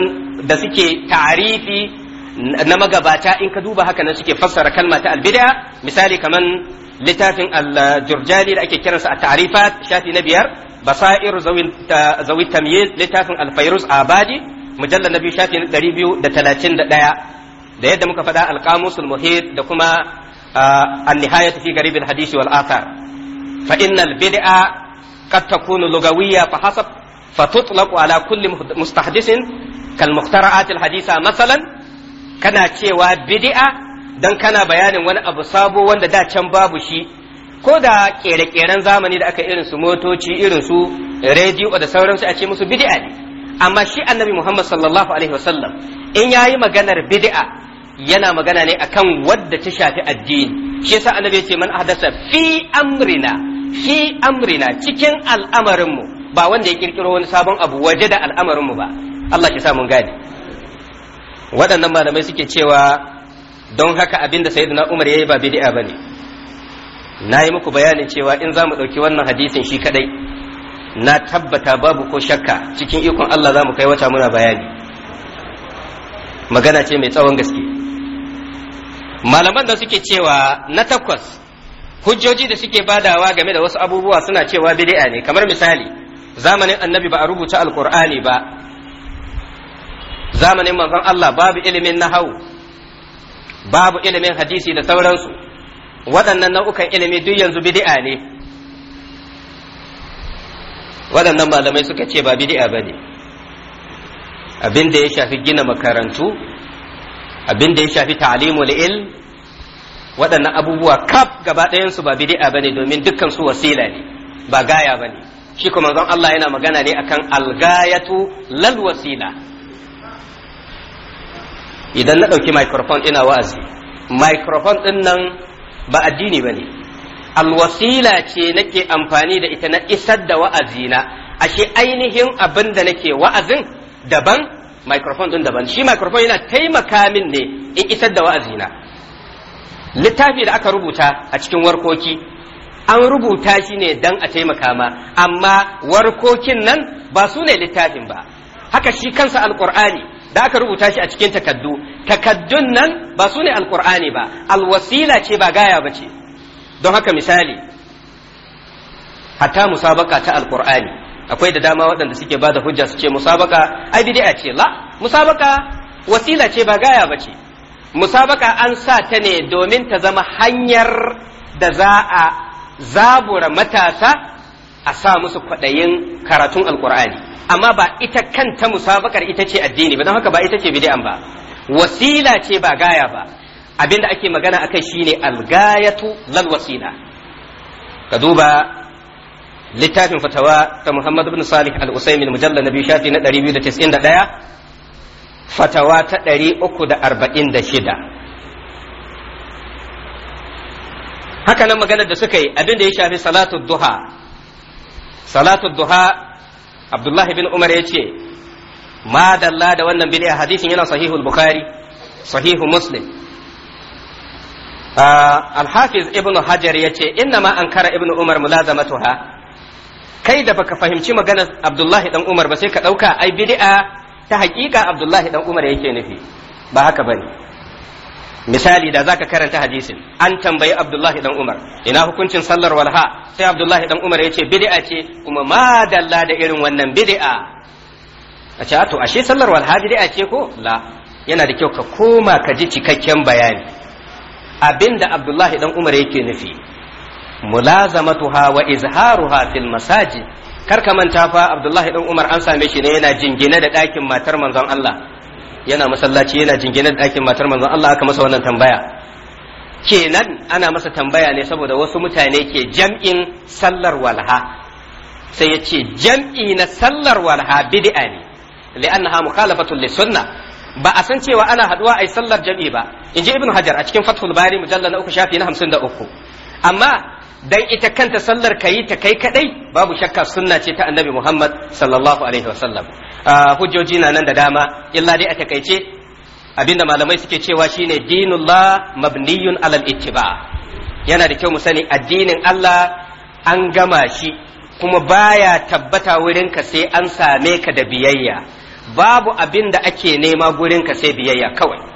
da suke tarifi na magabata in ka duba haka nan suke fassara kalma ta albid'a misali kaman littafin al da ake kiransa a tarifat shafi na biyar basair zawi tamyiz littafin al-fayruz abadi mujallal na biyu shafi na ɗari biyu da talatin da ɗaya da yadda muka faɗa al-qamusul muhit da kuma an-nihayatu fi garibin hadisi wal athar fa innal bid'a قد تكون لغوية ala kulli mustahdisin كل مستحدث كالمخترعات hadisa masalan kana cewa bid'a dan kana bayanin wani abu sabo wanda da can babu shi ko da kere-keren zamani da aka irin su motoci irin su rediyo da sauransu a ce musu bid'a ne amma shi annabi Muhammad sallallahu alaihi wasallam in yayi maganar bid'a yana magana ne akan wanda ta shafi addini shi yasa annabi ce man ahdasa fi amrina fi amrina cikin al'amarinmu ba wanda ya kirkiro wani sabon abu waje da al'amarinmu ba Allah ya sa mun gane waɗannan malamai suke cewa don haka abin da sayyidina umar yayi ba bid'a bane na yi muku bayani cewa in za mu ɗauki wannan hadisin shi kadai na tabbata babu ko shakka cikin ikon Allah za mu kai wata muna bayani magana ce mai tsawon gaske malaman da suke cewa na takwas hujjoji da suke badawa game da wasu abubuwa suna cewa bid'a ne kamar misali zamanin annabi ba a rubuta alkur'ani ba zamanin manzon Allah babu ilimin nahawu babu ilimin hadisi da sauransu waɗannan nau'ukan ilimi duk yanzu bid'a ne waɗannan malamai suka ce ba bid'a ba ne abin ya shafi gina makarantu abin ya shafi ta'limul il, waɗannan abubuwa kaf gaba ɗayansu ba bid'a ba ne domin dukkan su wasila ne ba gaya ba ne shi kuma manzon Allah yana magana ne akan algayatu lal wasila idan na ɗauki microphone ina wa'azi microphone ɗin nan ba addini ba ne alwasila ce nake amfani da ita na isar da wa'azi wa'azina ashe ainihin abin da nake wa'azin daban microphone ɗin daban shi microphone yana taimaka min ne in isar da wa'azi na. littafi da aka rubuta a cikin warkoki an rubuta shi ne dan a taimaka ma amma warkokin nan ba su ne littafin ba haka shi kansa alkur'ani da aka rubuta shi a cikin takaddu takaddun nan ba su ne alkur'ani ba alwasila ce ba gaya ba ce don haka misali hatta musabaka ta alkur'ani akwai da dama waɗanda suke ba da hujja su ce musabaka ai bid'a ce la musabaka wasila ce ba gaya ba ce musabaka an sa ta ne domin ta zama hanyar da za a zabura matasa a sa musu kwaɗayin karatun alkur'ani amma ba ita kanta musabakar ita ce addini ba don haka ba ita ce bid'an ba wasila ce ba gaya ba abinda ake magana akai shine algayatu lal wasila ka duba littafin fatawa ta Muhammad ibn Salih al-Usaymin mujallal nabi shafi na 291 fatawa ta 346 haka nan maganar da suka yi abin da ya shafi salatu duha salatu duha abdullahi bin umar ya ce ma dalla da wannan bid'a hadisin yana sahihul bukhari sahihu muslim ah, al-hafiz ibnu hajar ya ce inna ma kara ibnu umar mulazamatuha kai da ka fahimci maganar Abdullahi dan Umar ba sai ka ɗauka ai bid'a ta haƙiƙa Abdullahi dan Umar yake nufi ba haka bane misali da zaka karanta hadisin an tambayi abdullahi dan umar ina hukuncin sallar walha sai abdullahi dan umar ya ce bid'a ce kuma ma dalla da irin wannan bid'a a ce to ashe sallar walha bid'a ce ko la yana da kyau ka koma ka ji cikakken bayani abinda abdullahi dan umar yake nufi mulazamatuha wa izharuha fil masajid kar ka manta fa abdullahi dan umar an same shi ne yana jingine da ɗakin matar manzon Allah yana masallaci yana jingine da ɗakin matar manzon Allah aka masa wannan tambaya kenan ana masa tambaya ne saboda wasu mutane ke jam'in sallar walha sai ya ce jam'i na sallar walha bid'a ne li'annaha mukhalafatul sunna ba a san cewa ana haduwa ai sallar jam'i ba in ji ibnu hajar a cikin fathul bari mujalla na uku shafi na hamsin da uku amma dan ita kanta sallar kayi ta kai kadai babu shakka sunna ce ta annabi muhammad sallallahu alaihi wasallam Ah, hujjoji na nan da dama illa dai a takaice abinda malamai suke cewa shine dinullah mabniyun alal ittiba yana da kyau mu sani addinin Allah an gama shi kuma baya tabbata wurin ka sai an same ka da biyayya babu abinda ake nema gurin ka sai biyayya kawai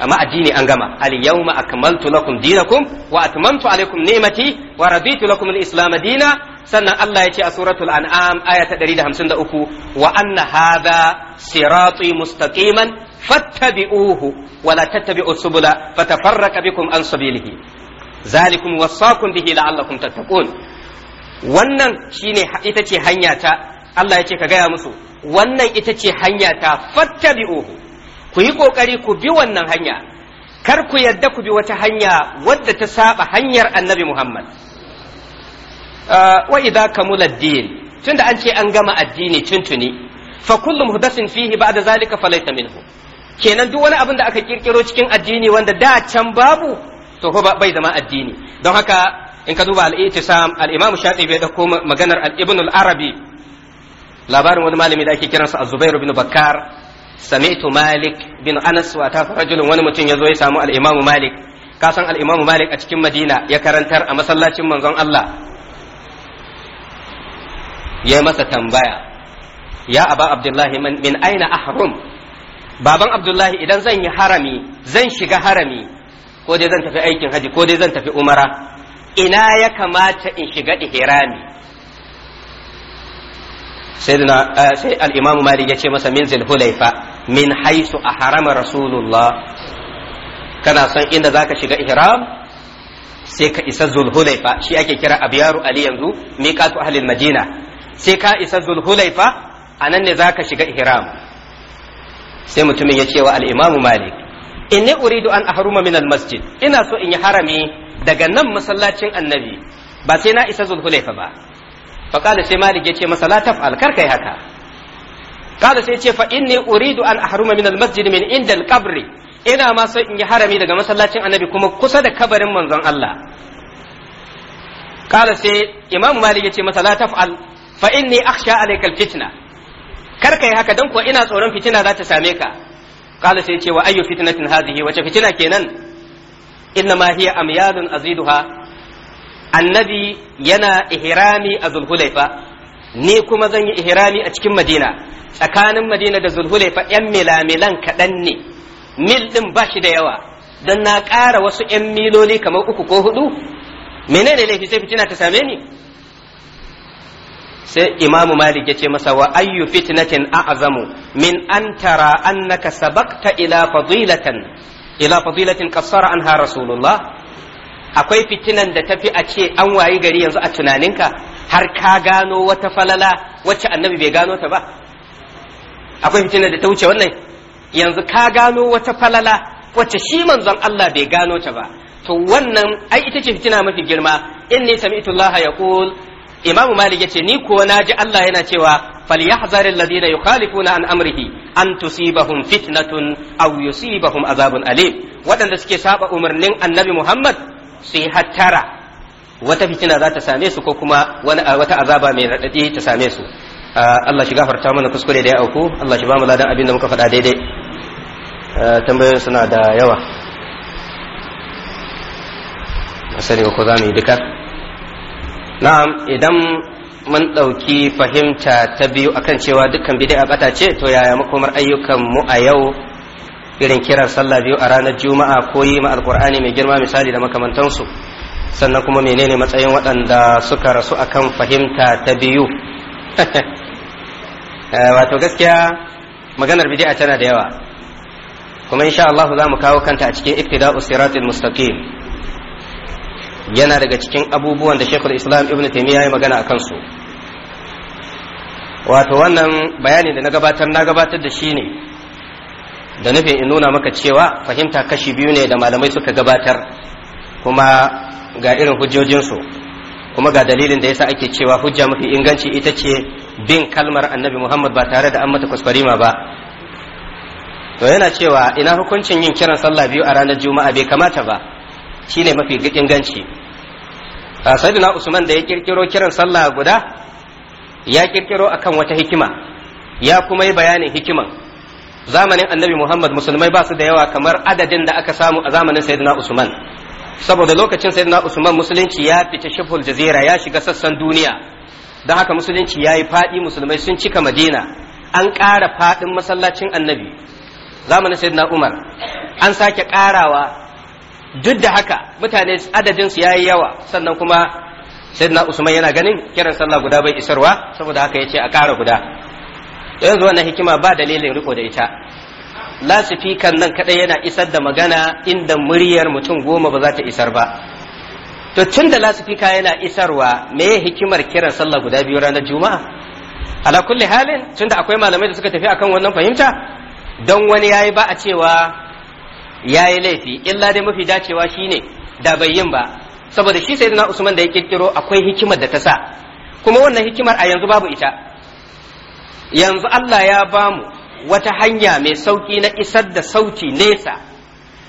amma addini an gama al yawma akmaltu lakum dinakum wa atmamtu alaykum ni'mati wa raditu lakum al islam dina sannan Allah ya ce a suratul an'am aya ta 153 wa anna hadha sirati mustaqiman fattabi'uhu wa la tattabi'us subula fatafarraqa bikum an sabilihi zalikum wasaqum bihi la'allakum tattaqun wannan shine ita ce hanya ta Allah ya ce ka gaya musu wannan ita ce hanya ta fattabi'uhu ku yi ƙoƙari ku bi wannan hanya kar ku yadda ku bi wata hanya wadda ta saba hanyar annabi muhammad uh, wa idza kamula din tunda an ce an gama addini tuntuni fa kullu muhdathin fihi ba'da zalika falaysa minhu kenan duk wani abin da aka kirkiro cikin addini wanda da can babu to ko bai zama addini don haka in ka duba al-i'tisam al-imam shatibi da maganar al-ibn al-arabi labarin wani malami da ake kiransa az-zubair ibn bakkar sami'tu malik bin anas wa ta rajulun wani mutum ya zo ya samu al-imamu malik ka san malik a cikin madina ya karantar a masallacin manzon Allah ya masa tambaya ya aba abdullahi min aina ahrum baban abdullahi idan zan yi harami zan shiga harami ko dai zan tafi aikin haji ko dai zan tafi umara ina ya kamata in shiga ihrami Eh, sai al'imamu malik ya ce masa min zulhulaifa min haisu a harama rasulullah kana son inda zaka shiga ihram sai ka isa zulhulaifa shi ake kira abyaru ali yanzu miqatu ahlil madina sai ka isa zulhulaifa a nan ne zaka shiga ihram sai mutumin ya ce wa al'imamu malik inni uridu an ahruma min masjid ina so in yi harami daga nan masallacin annabi ba sai na isa zulhulaifa ba faƙala sai malik ya ce masa la taf'al kar kai haka ƙala sai ce fa inni uridu an ahruma min almasjid min inda al-kabri ina ma so in yi harami daga masallacin annabi kuma kusa da kabarin manzon Allah ƙala sai imam malik ya ce masa la taf'al fa inni akhsha alayka alfitna kar kai haka dan kuwa ina tsoron fitina za ta same ka ƙala sai ce wa ayyu fitnatin hadhihi wace fitina kenan inna ma hiya amyalun aziduha annabi yana ihrami a zulhulaifa ni kuma zan yi ihrami a cikin madina tsakanin madina da zulhulaifa yan milamilan kaɗan ne mil ɗin ba shi da yawa don na ƙara wasu yan miloli kamar uku ko hudu menene laifi sai fitina ta same ni sai imamu malik ya ce masa wa ayyu fitnatin a'zamu min an tara annaka sabaqta ila fadilatan ila fadilatin qassara anha rasulullah akwai fitinan da tafi a ce an wayi gari yanzu a tunaninka har ka gano wata falala wacce annabi bai gano ta ba akwai fitinan da ta wuce wannan yanzu ka gano wata falala wacce shi manzon Allah bai gano ta ba to wannan ai ita ce fitina mafi girma inni sami'tu Allah yaqul imamu malik yace ni kuwa ji Allah yana cewa falyahzaril ladina yukhalifuna an amrihi an tusibahum fitnatun aw yusibahum azabun alim waɗanda suke saba umarnin annabi Muhammad su yi hattara wata fitina za ta same su ko kuma wata azaba mai raɗaɗi ta same su Allah shi gafarta mana kuskure da ya auku Allah shi ba mu ladan abin da muka faɗa daidai tambayoyin suna da yawa asali ko za mu yi duka na'am idan mun ɗauki fahimta ta biyu akan cewa dukkan bid'a bata ce to yaya makomar ayyukan mu a yau irin kiran sallah biyu a ranar juma'a ko yi ma alkur'ani mai girma misali da makamantansu sannan kuma menene matsayin waɗanda suka rasu akan fahimta ta biyu [LAUGHS] eh, wato gaskiya maganar bid'a tana da yawa kuma insha Allah za mu kawo kanta a cikin Iftidaus siratul mustaqim yana daga cikin abubuwan da Sheikhul Islam Ibn Taymiyyah ya magana akan su wato wannan bayani da na gabatar na gabatar da shi ne da nufin in nuna maka cewa fahimta kashi biyu ne da malamai suka gabatar kuma ga irin hujjojinsu kuma ga dalilin da yasa ake cewa hujja mafi inganci ita ce bin kalmar annabi muhammad ba tare da an mata kwaskwarima ba to yana cewa ina hukuncin yin kiran sallah biyu a ranar juma'a bai kamata ba shine mafi inganci sayyidina usman da ya kirkiro kiran sallah guda ya kirkiro akan wata hikima ya kuma yi bayanin hikiman zamanin annabi muhammad musulmai ba su da yawa kamar adadin da aka samu a zamanin sayyidina usman saboda lokacin sayyidina usman musulunci ya fita shibhul jazira ya shiga sassan duniya don haka musulunci ya yi faɗi musulmai sun cika madina an ƙara faɗin masallacin annabi zamanin sayyidina umar an sake ƙarawa duk da haka mutane adadinsu ya yi yawa sannan kuma sayyidina usman yana ganin kiran sallah guda bai isarwa saboda haka ya ce a ƙara guda yanzu wannan hikima ba dalilin riko da ita lasifikan nan kadai yana isar da magana inda muryar mutum goma ba za ta isar ba to tun da lasifika yana isarwa me ya hikimar kiran sallah guda biyu ranar juma'a ala kulli halin tun da akwai malamai da suka tafi akan wannan fahimta don wani yayi ba a cewa yayi laifi illa dai mafi dacewa shine da bai yin ba saboda shi sayyidina usman da ya kirkiro akwai hikimar da ta sa kuma wannan hikimar a yanzu babu ita yanzu Allah ya ba mu wata hanya mai sauƙi na isar da sauti nesa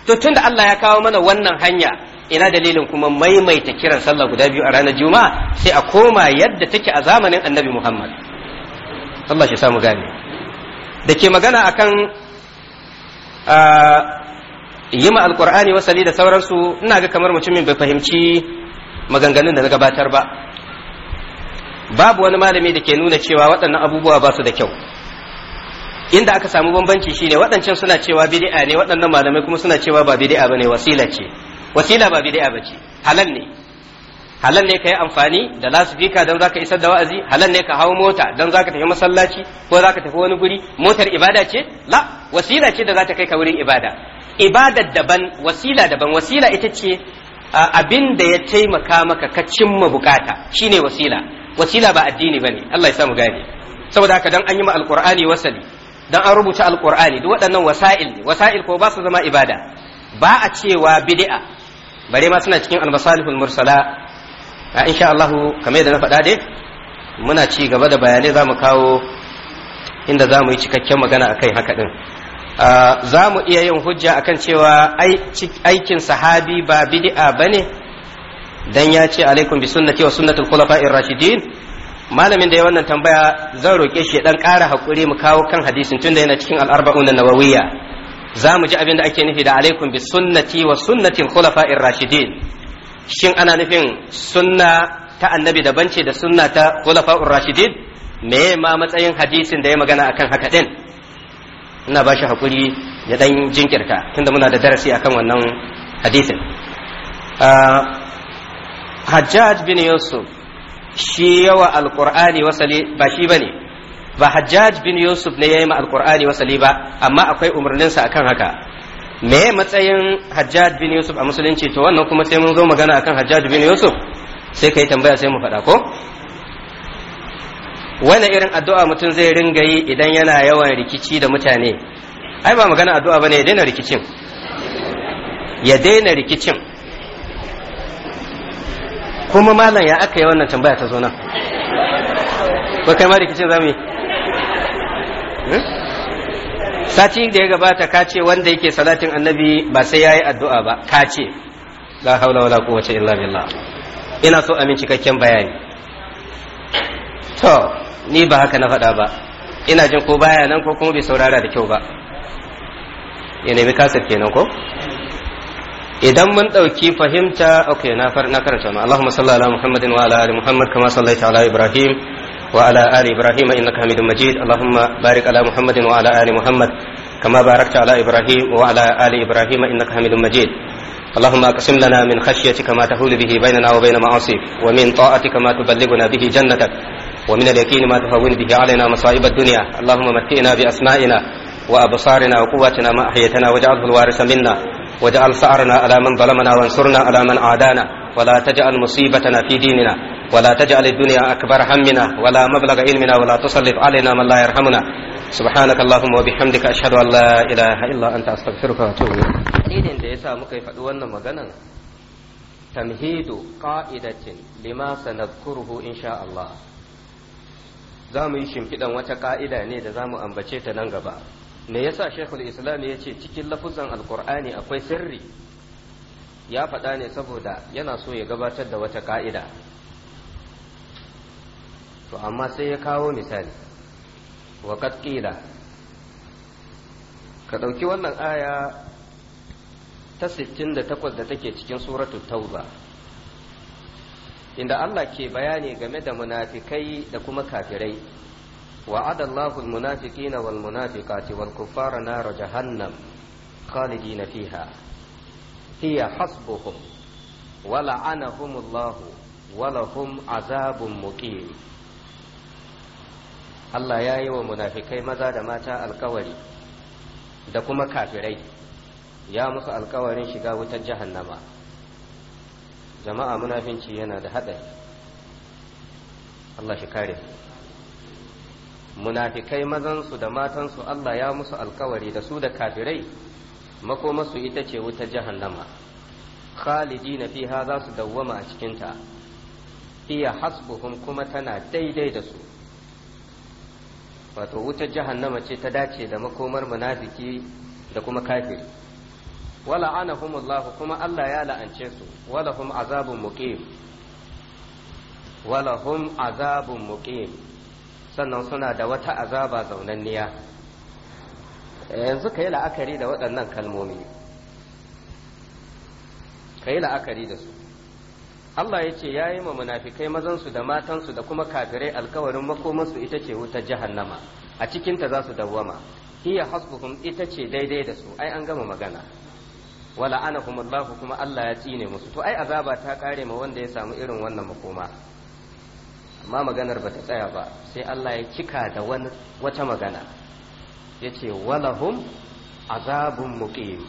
to da Allah ya kawo mana wannan hanya ina dalilin kuma maimaita kiran sallah guda biyu a ranar juma'a sai a koma yadda take a zamanin annabi muhammad Allah shi samu gane da ke magana akan yi ma alkur'ani wasali da sauransu ina ga kamar mutumin bai fahimci maganganun da na gabatar ba babu wani malami da ke nuna cewa waɗannan abubuwa ba su da kyau inda aka samu bambanci shine waɗancan suna cewa bid'a ne waɗannan malamai kuma suna cewa ba bid'a bane wasila ce wasila ba bid'a bace halal ne halal ne ka yi amfani da lasifika don zaka isar da wa'azi halal ne ka hawo mota don zaka tafi masallaci ko zaka tafi wani guri motar ibada ce la wasila ce da zata ta kai ka wurin ibada ibada daban wasila daban wasila ita ce abin da ya taimaka maka ka cimma bukata shine wasila wasila ba addini ne. Allah ya sa mu gane saboda haka dan an yi ma alqur'ani wasali dan an rubuta alqur'ani duk waɗannan wasa'il ne wasa'il ko ba su zama ibada ba a cewa bid'a bare ma suna cikin almasalihul mursala a insha Allah kamar yadda na faɗa dai muna ci gaba da bayanai zamu kawo inda zamu yi cikakken magana akai haka din za mu iya yin hujja akan cewa aikin sahabi ba bid'a bane dan ya ce alaikum bi sunnati wa sunnatul khulafa'ir rashidin malamin da ya wannan tambaya zan roke shi dan ƙara hakuri mu kawo kan hadisin tunda yana cikin al-arba'un an-nawawiyya za mu ji abin da ake nufi da alaikum bi sunnati wa sunnatil khulafa'ir rashidin shin ana nufin sunna ta annabi daban ce da sunna ta khulafa'ur rashidin me ma matsayin hadisin da ya magana akan haka din ina ba shi hakuri ya dan jinkirta tunda muna da darasi akan wannan hadisin ah, hajjaj bin yusuf shi yawa alqur'ani wasali ba shi bane ba hajjaj bin yusuf ne yayi ma alqur'ani wasali ba amma akwai umarninsa akan haka me matsayin hajjaj bin yusuf a musulunci to wannan kuma sai mun zo magana akan hajjaj bin yusuf sai kai tambaya sai mu faɗa ko wani irin addu'a mutum zai ringa yi idan yana yawan rikici da mutane ai ba magana addu'a bane ya daina rikicin ya daina rikicin kuma malam ya aka yi wannan tambaya ta zo nan ba kai ma rikicin zamu yi hmm? sati da ya gabata ka ce wanda yake salatin annabi ba sai yayi addu'a ba ka ce la haula wala quwwata illa billah ina so amin cikakken bayani to ni ba haka na faɗa ba ina jin ko baya nan ko kuma bai saurara da kyau ba ya nemi kasar kenan ko idan mun ɗauki fahimta ok na far na karanta ma Allahumma salli ala Muhammadin wa ala ali Muhammad kama sallaita ala Ibrahim wa ala ali Ibrahim innaka Hamidum Majid Allahumma barik ala Muhammadin wa ala ali Muhammad kama barakta ala Ibrahim wa ala ali Ibrahim innaka Hamidum Majid اللهم اقسم لنا من خشيتك ما به بيننا وبين معاصيك ومن طاعتك ما تبلغنا به جنتك ومن اليقين ما تهون به علينا مصائب الدنيا اللهم متئنا وقواتنا ما واجعله الوارث منا واجعل ثأرنا على من ظلمنا وانصرنا على من عادانا ولا تجعل مصيبتنا في ديننا ولا تجعل الدنيا أكبر همنا ولا مبلغ علمنا ولا تسلط علينا من لا يرحمنا سبحانك اللهم وبحمدك أشهد أن لا إله إلا أنت أستغفرك وأتوب إليك إذن ديسا مكيف أدوان مغنى تمهيد قائدة لما سنذكره إن شاء الله za mu yi shimfiɗan wata ƙa'ida ne da za mu ambace ta nan gaba me yasa shekul islam ya ce cikin lafuzan alkur'ani akwai sirri ya faɗa ne saboda yana so ya gabatar da wata ka'ida to amma sai ya kawo misali wa qila ka ɗauki wannan aya ta 68 da take cikin ta'u tauba inda Allah ke bayani game da munafikai da kuma kafirai وعد الله المنافقين والمنافقات والكفار نار جهنم خالدين فيها هي حسبهم ولعنهم الله ولهم عذاب مقيم Allah ya yi wa munafikai maza da mata alkawari da kuma kafirai ya musu alkawarin shiga wutar jahannama jama'a munafinci yana da haɗari Allah munafikai mazansu da matansu Allah ya musu alkawari da su da kafirai makomasu ita ce wuta jahannama khalidina fiha za su dawwama a cikinta iya hasbuhum kuma tana daidai da su wato wuta jahannama ce ta dace da makomar munafiki da kuma kafiri wala anahumullahu kuma Allah ya la'ance su wala hum azabun muqim wala hum azabun muqim sannan suna da wata azaba zaunanniya eh, yanzu ka yi la'akari da waɗannan kalmomi ka yi la'akari da su Allah ya ce ya yi ma munafikai mazansu da matansu da kuma kafirai alkawarin makomansu ita ce wutar jahannama a cikinta za su dawwama iya hasbuhum ita ce daidai da su ai an gama magana wala anahum Allah kuma Allah ya tsine musu to ai azaba ta kare ma wanda ya samu irin wannan makoma ma maganar ba ta tsaya ba sai Allah ya cika da wata magana ya ce walahum azabun muqim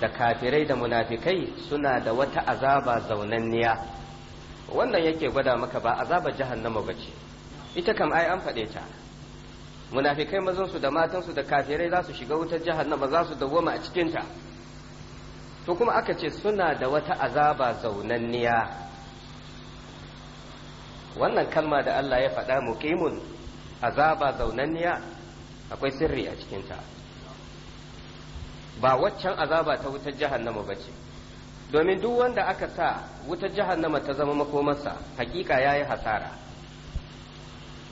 da kafirai da munafikai suna da wata azaba zaunanniya wannan yake gwada maka ba azabar jahannama ba ce ita kam ai an faɗe ta munafikai mazansu da matansu da kafirai za su shiga wutar jahannama za su dawwama a cikinta to kuma aka ce suna da wata azaba zaunanniya wannan kalma da Allah ya faɗa muqimun azaba zaunanniya akwai sirri a cikinta ba waccan azaba ta wutar jahannama ba ce domin duk wanda aka sa wutar jahannama ta zama makomarsa hakika ya yi hasara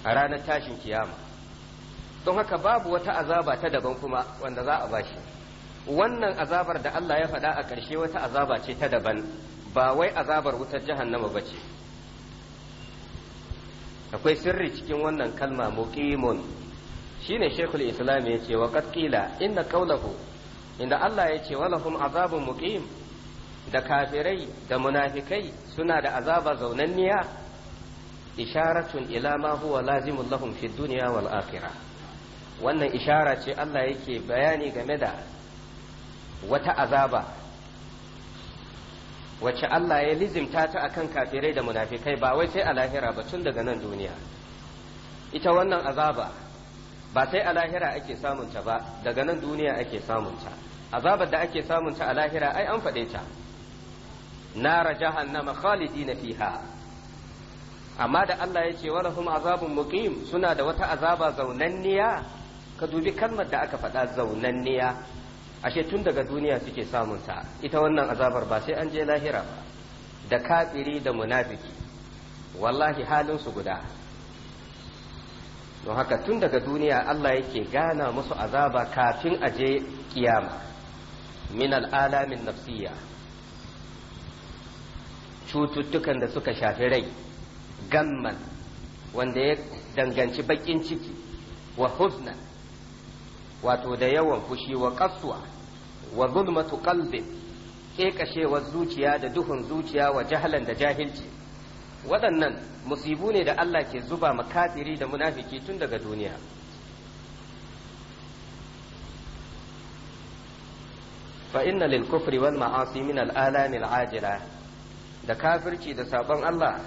a ranar tashin kiyama don haka babu wata azaba ta daban kuma wanda za a bashi wannan azabar da Allah ya faɗa a ƙarshe wata azaba ce ta daban ba wai azabar wutar jahannama ba ce akwai sirri cikin wannan kalma muqimun shine shekul islam ya ce wa qad qila inna qawlahu inda Allah ya ce walahum azabun muqim da kafirai da munafikai suna da azaba zaunanniya isharatun ila ma huwa lazimul lahum fid dunya wal akhirah wannan ishara ce Allah yake bayani game da wata azaba wacce Allah ya lizimta ta akan kafirai da munafikai ba wai sai a lahira ba tun daga nan duniya ita wannan azaba ba sai a lahira ake samunta ba daga nan duniya ake samunta azabar da ake samunta a lahira ai an faɗe ta nara jahannama khalidina fiha amma da Allah ya ce walahum azabun muqim suna da wata azaba zaunanniya ka dubi kalmar da aka faɗa zaunanniya ashe tun daga duniya suke samun ta ita wannan azabar ba sai an je lahira ba da kafiri da munafiki wallahi halin su guda don haka tun daga duniya Allah yake gana musu azaba kafin a je kiyama min alamin nafsiya cututtukan da suka shafi rai gamman wanda ya danganci baƙin ciki wa huzna wato da yawan fushi wa kasuwa wa zulmatu qalbin kekashewar zuciya da duhun zuciya wa jahalan da jahilci waɗannan musibu ne da Allah ke zuba makafiri da munafiki tun daga duniya fa inna lil kufri wal ma'asi min al alami al ajila da kafirci da sabon Allah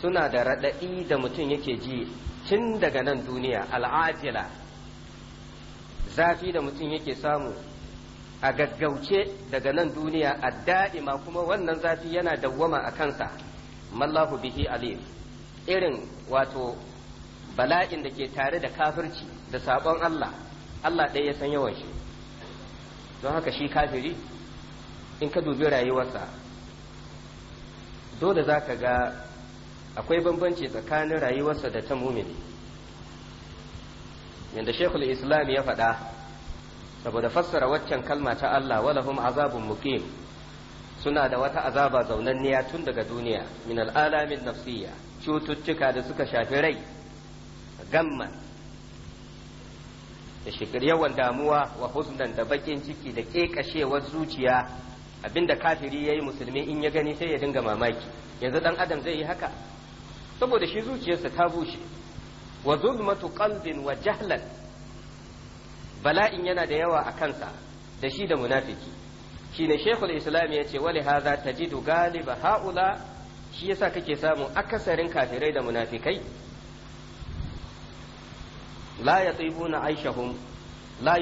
suna da raɗaɗi da mutum yake ji tun daga nan duniya al ajila zafi da mutum yake samu a gaggauce daga nan duniya a da'ima kuma wannan zafi yana dawwama a kansa mallahu bihi alim irin wato bala'in da ke tare da kafirci da sabon Allah Allah ɗaya ya san yawan shi don haka shi kafiri in ka dubi rayuwarsa dole za ka ga akwai bambanci tsakanin rayuwarsa da ta mumini yadda shekul islam ya faɗa saboda fassara waccan kalma ta Allah walahum azabun muqim suna da wata azaba zaunanniya tun daga duniya min al'alamin nafsiyya cututtuka da suka shafi rai gamma da shigar yawan damuwa wa husnan da bakin ciki da kekashewar zuciya abinda kafiri yayi musulmi in ya gani sai ya dinga mamaki yanzu dan adam zai yi haka saboda shi zuciyarsa ta bushe wa zulmatu qalbin wa jahlan bala'in yana da yawa a kansa da shi da munafiki ne shekul islam ya ce wale haza ta ji galiba haula shi yasa kake samu akasarin kafirai da munafikai la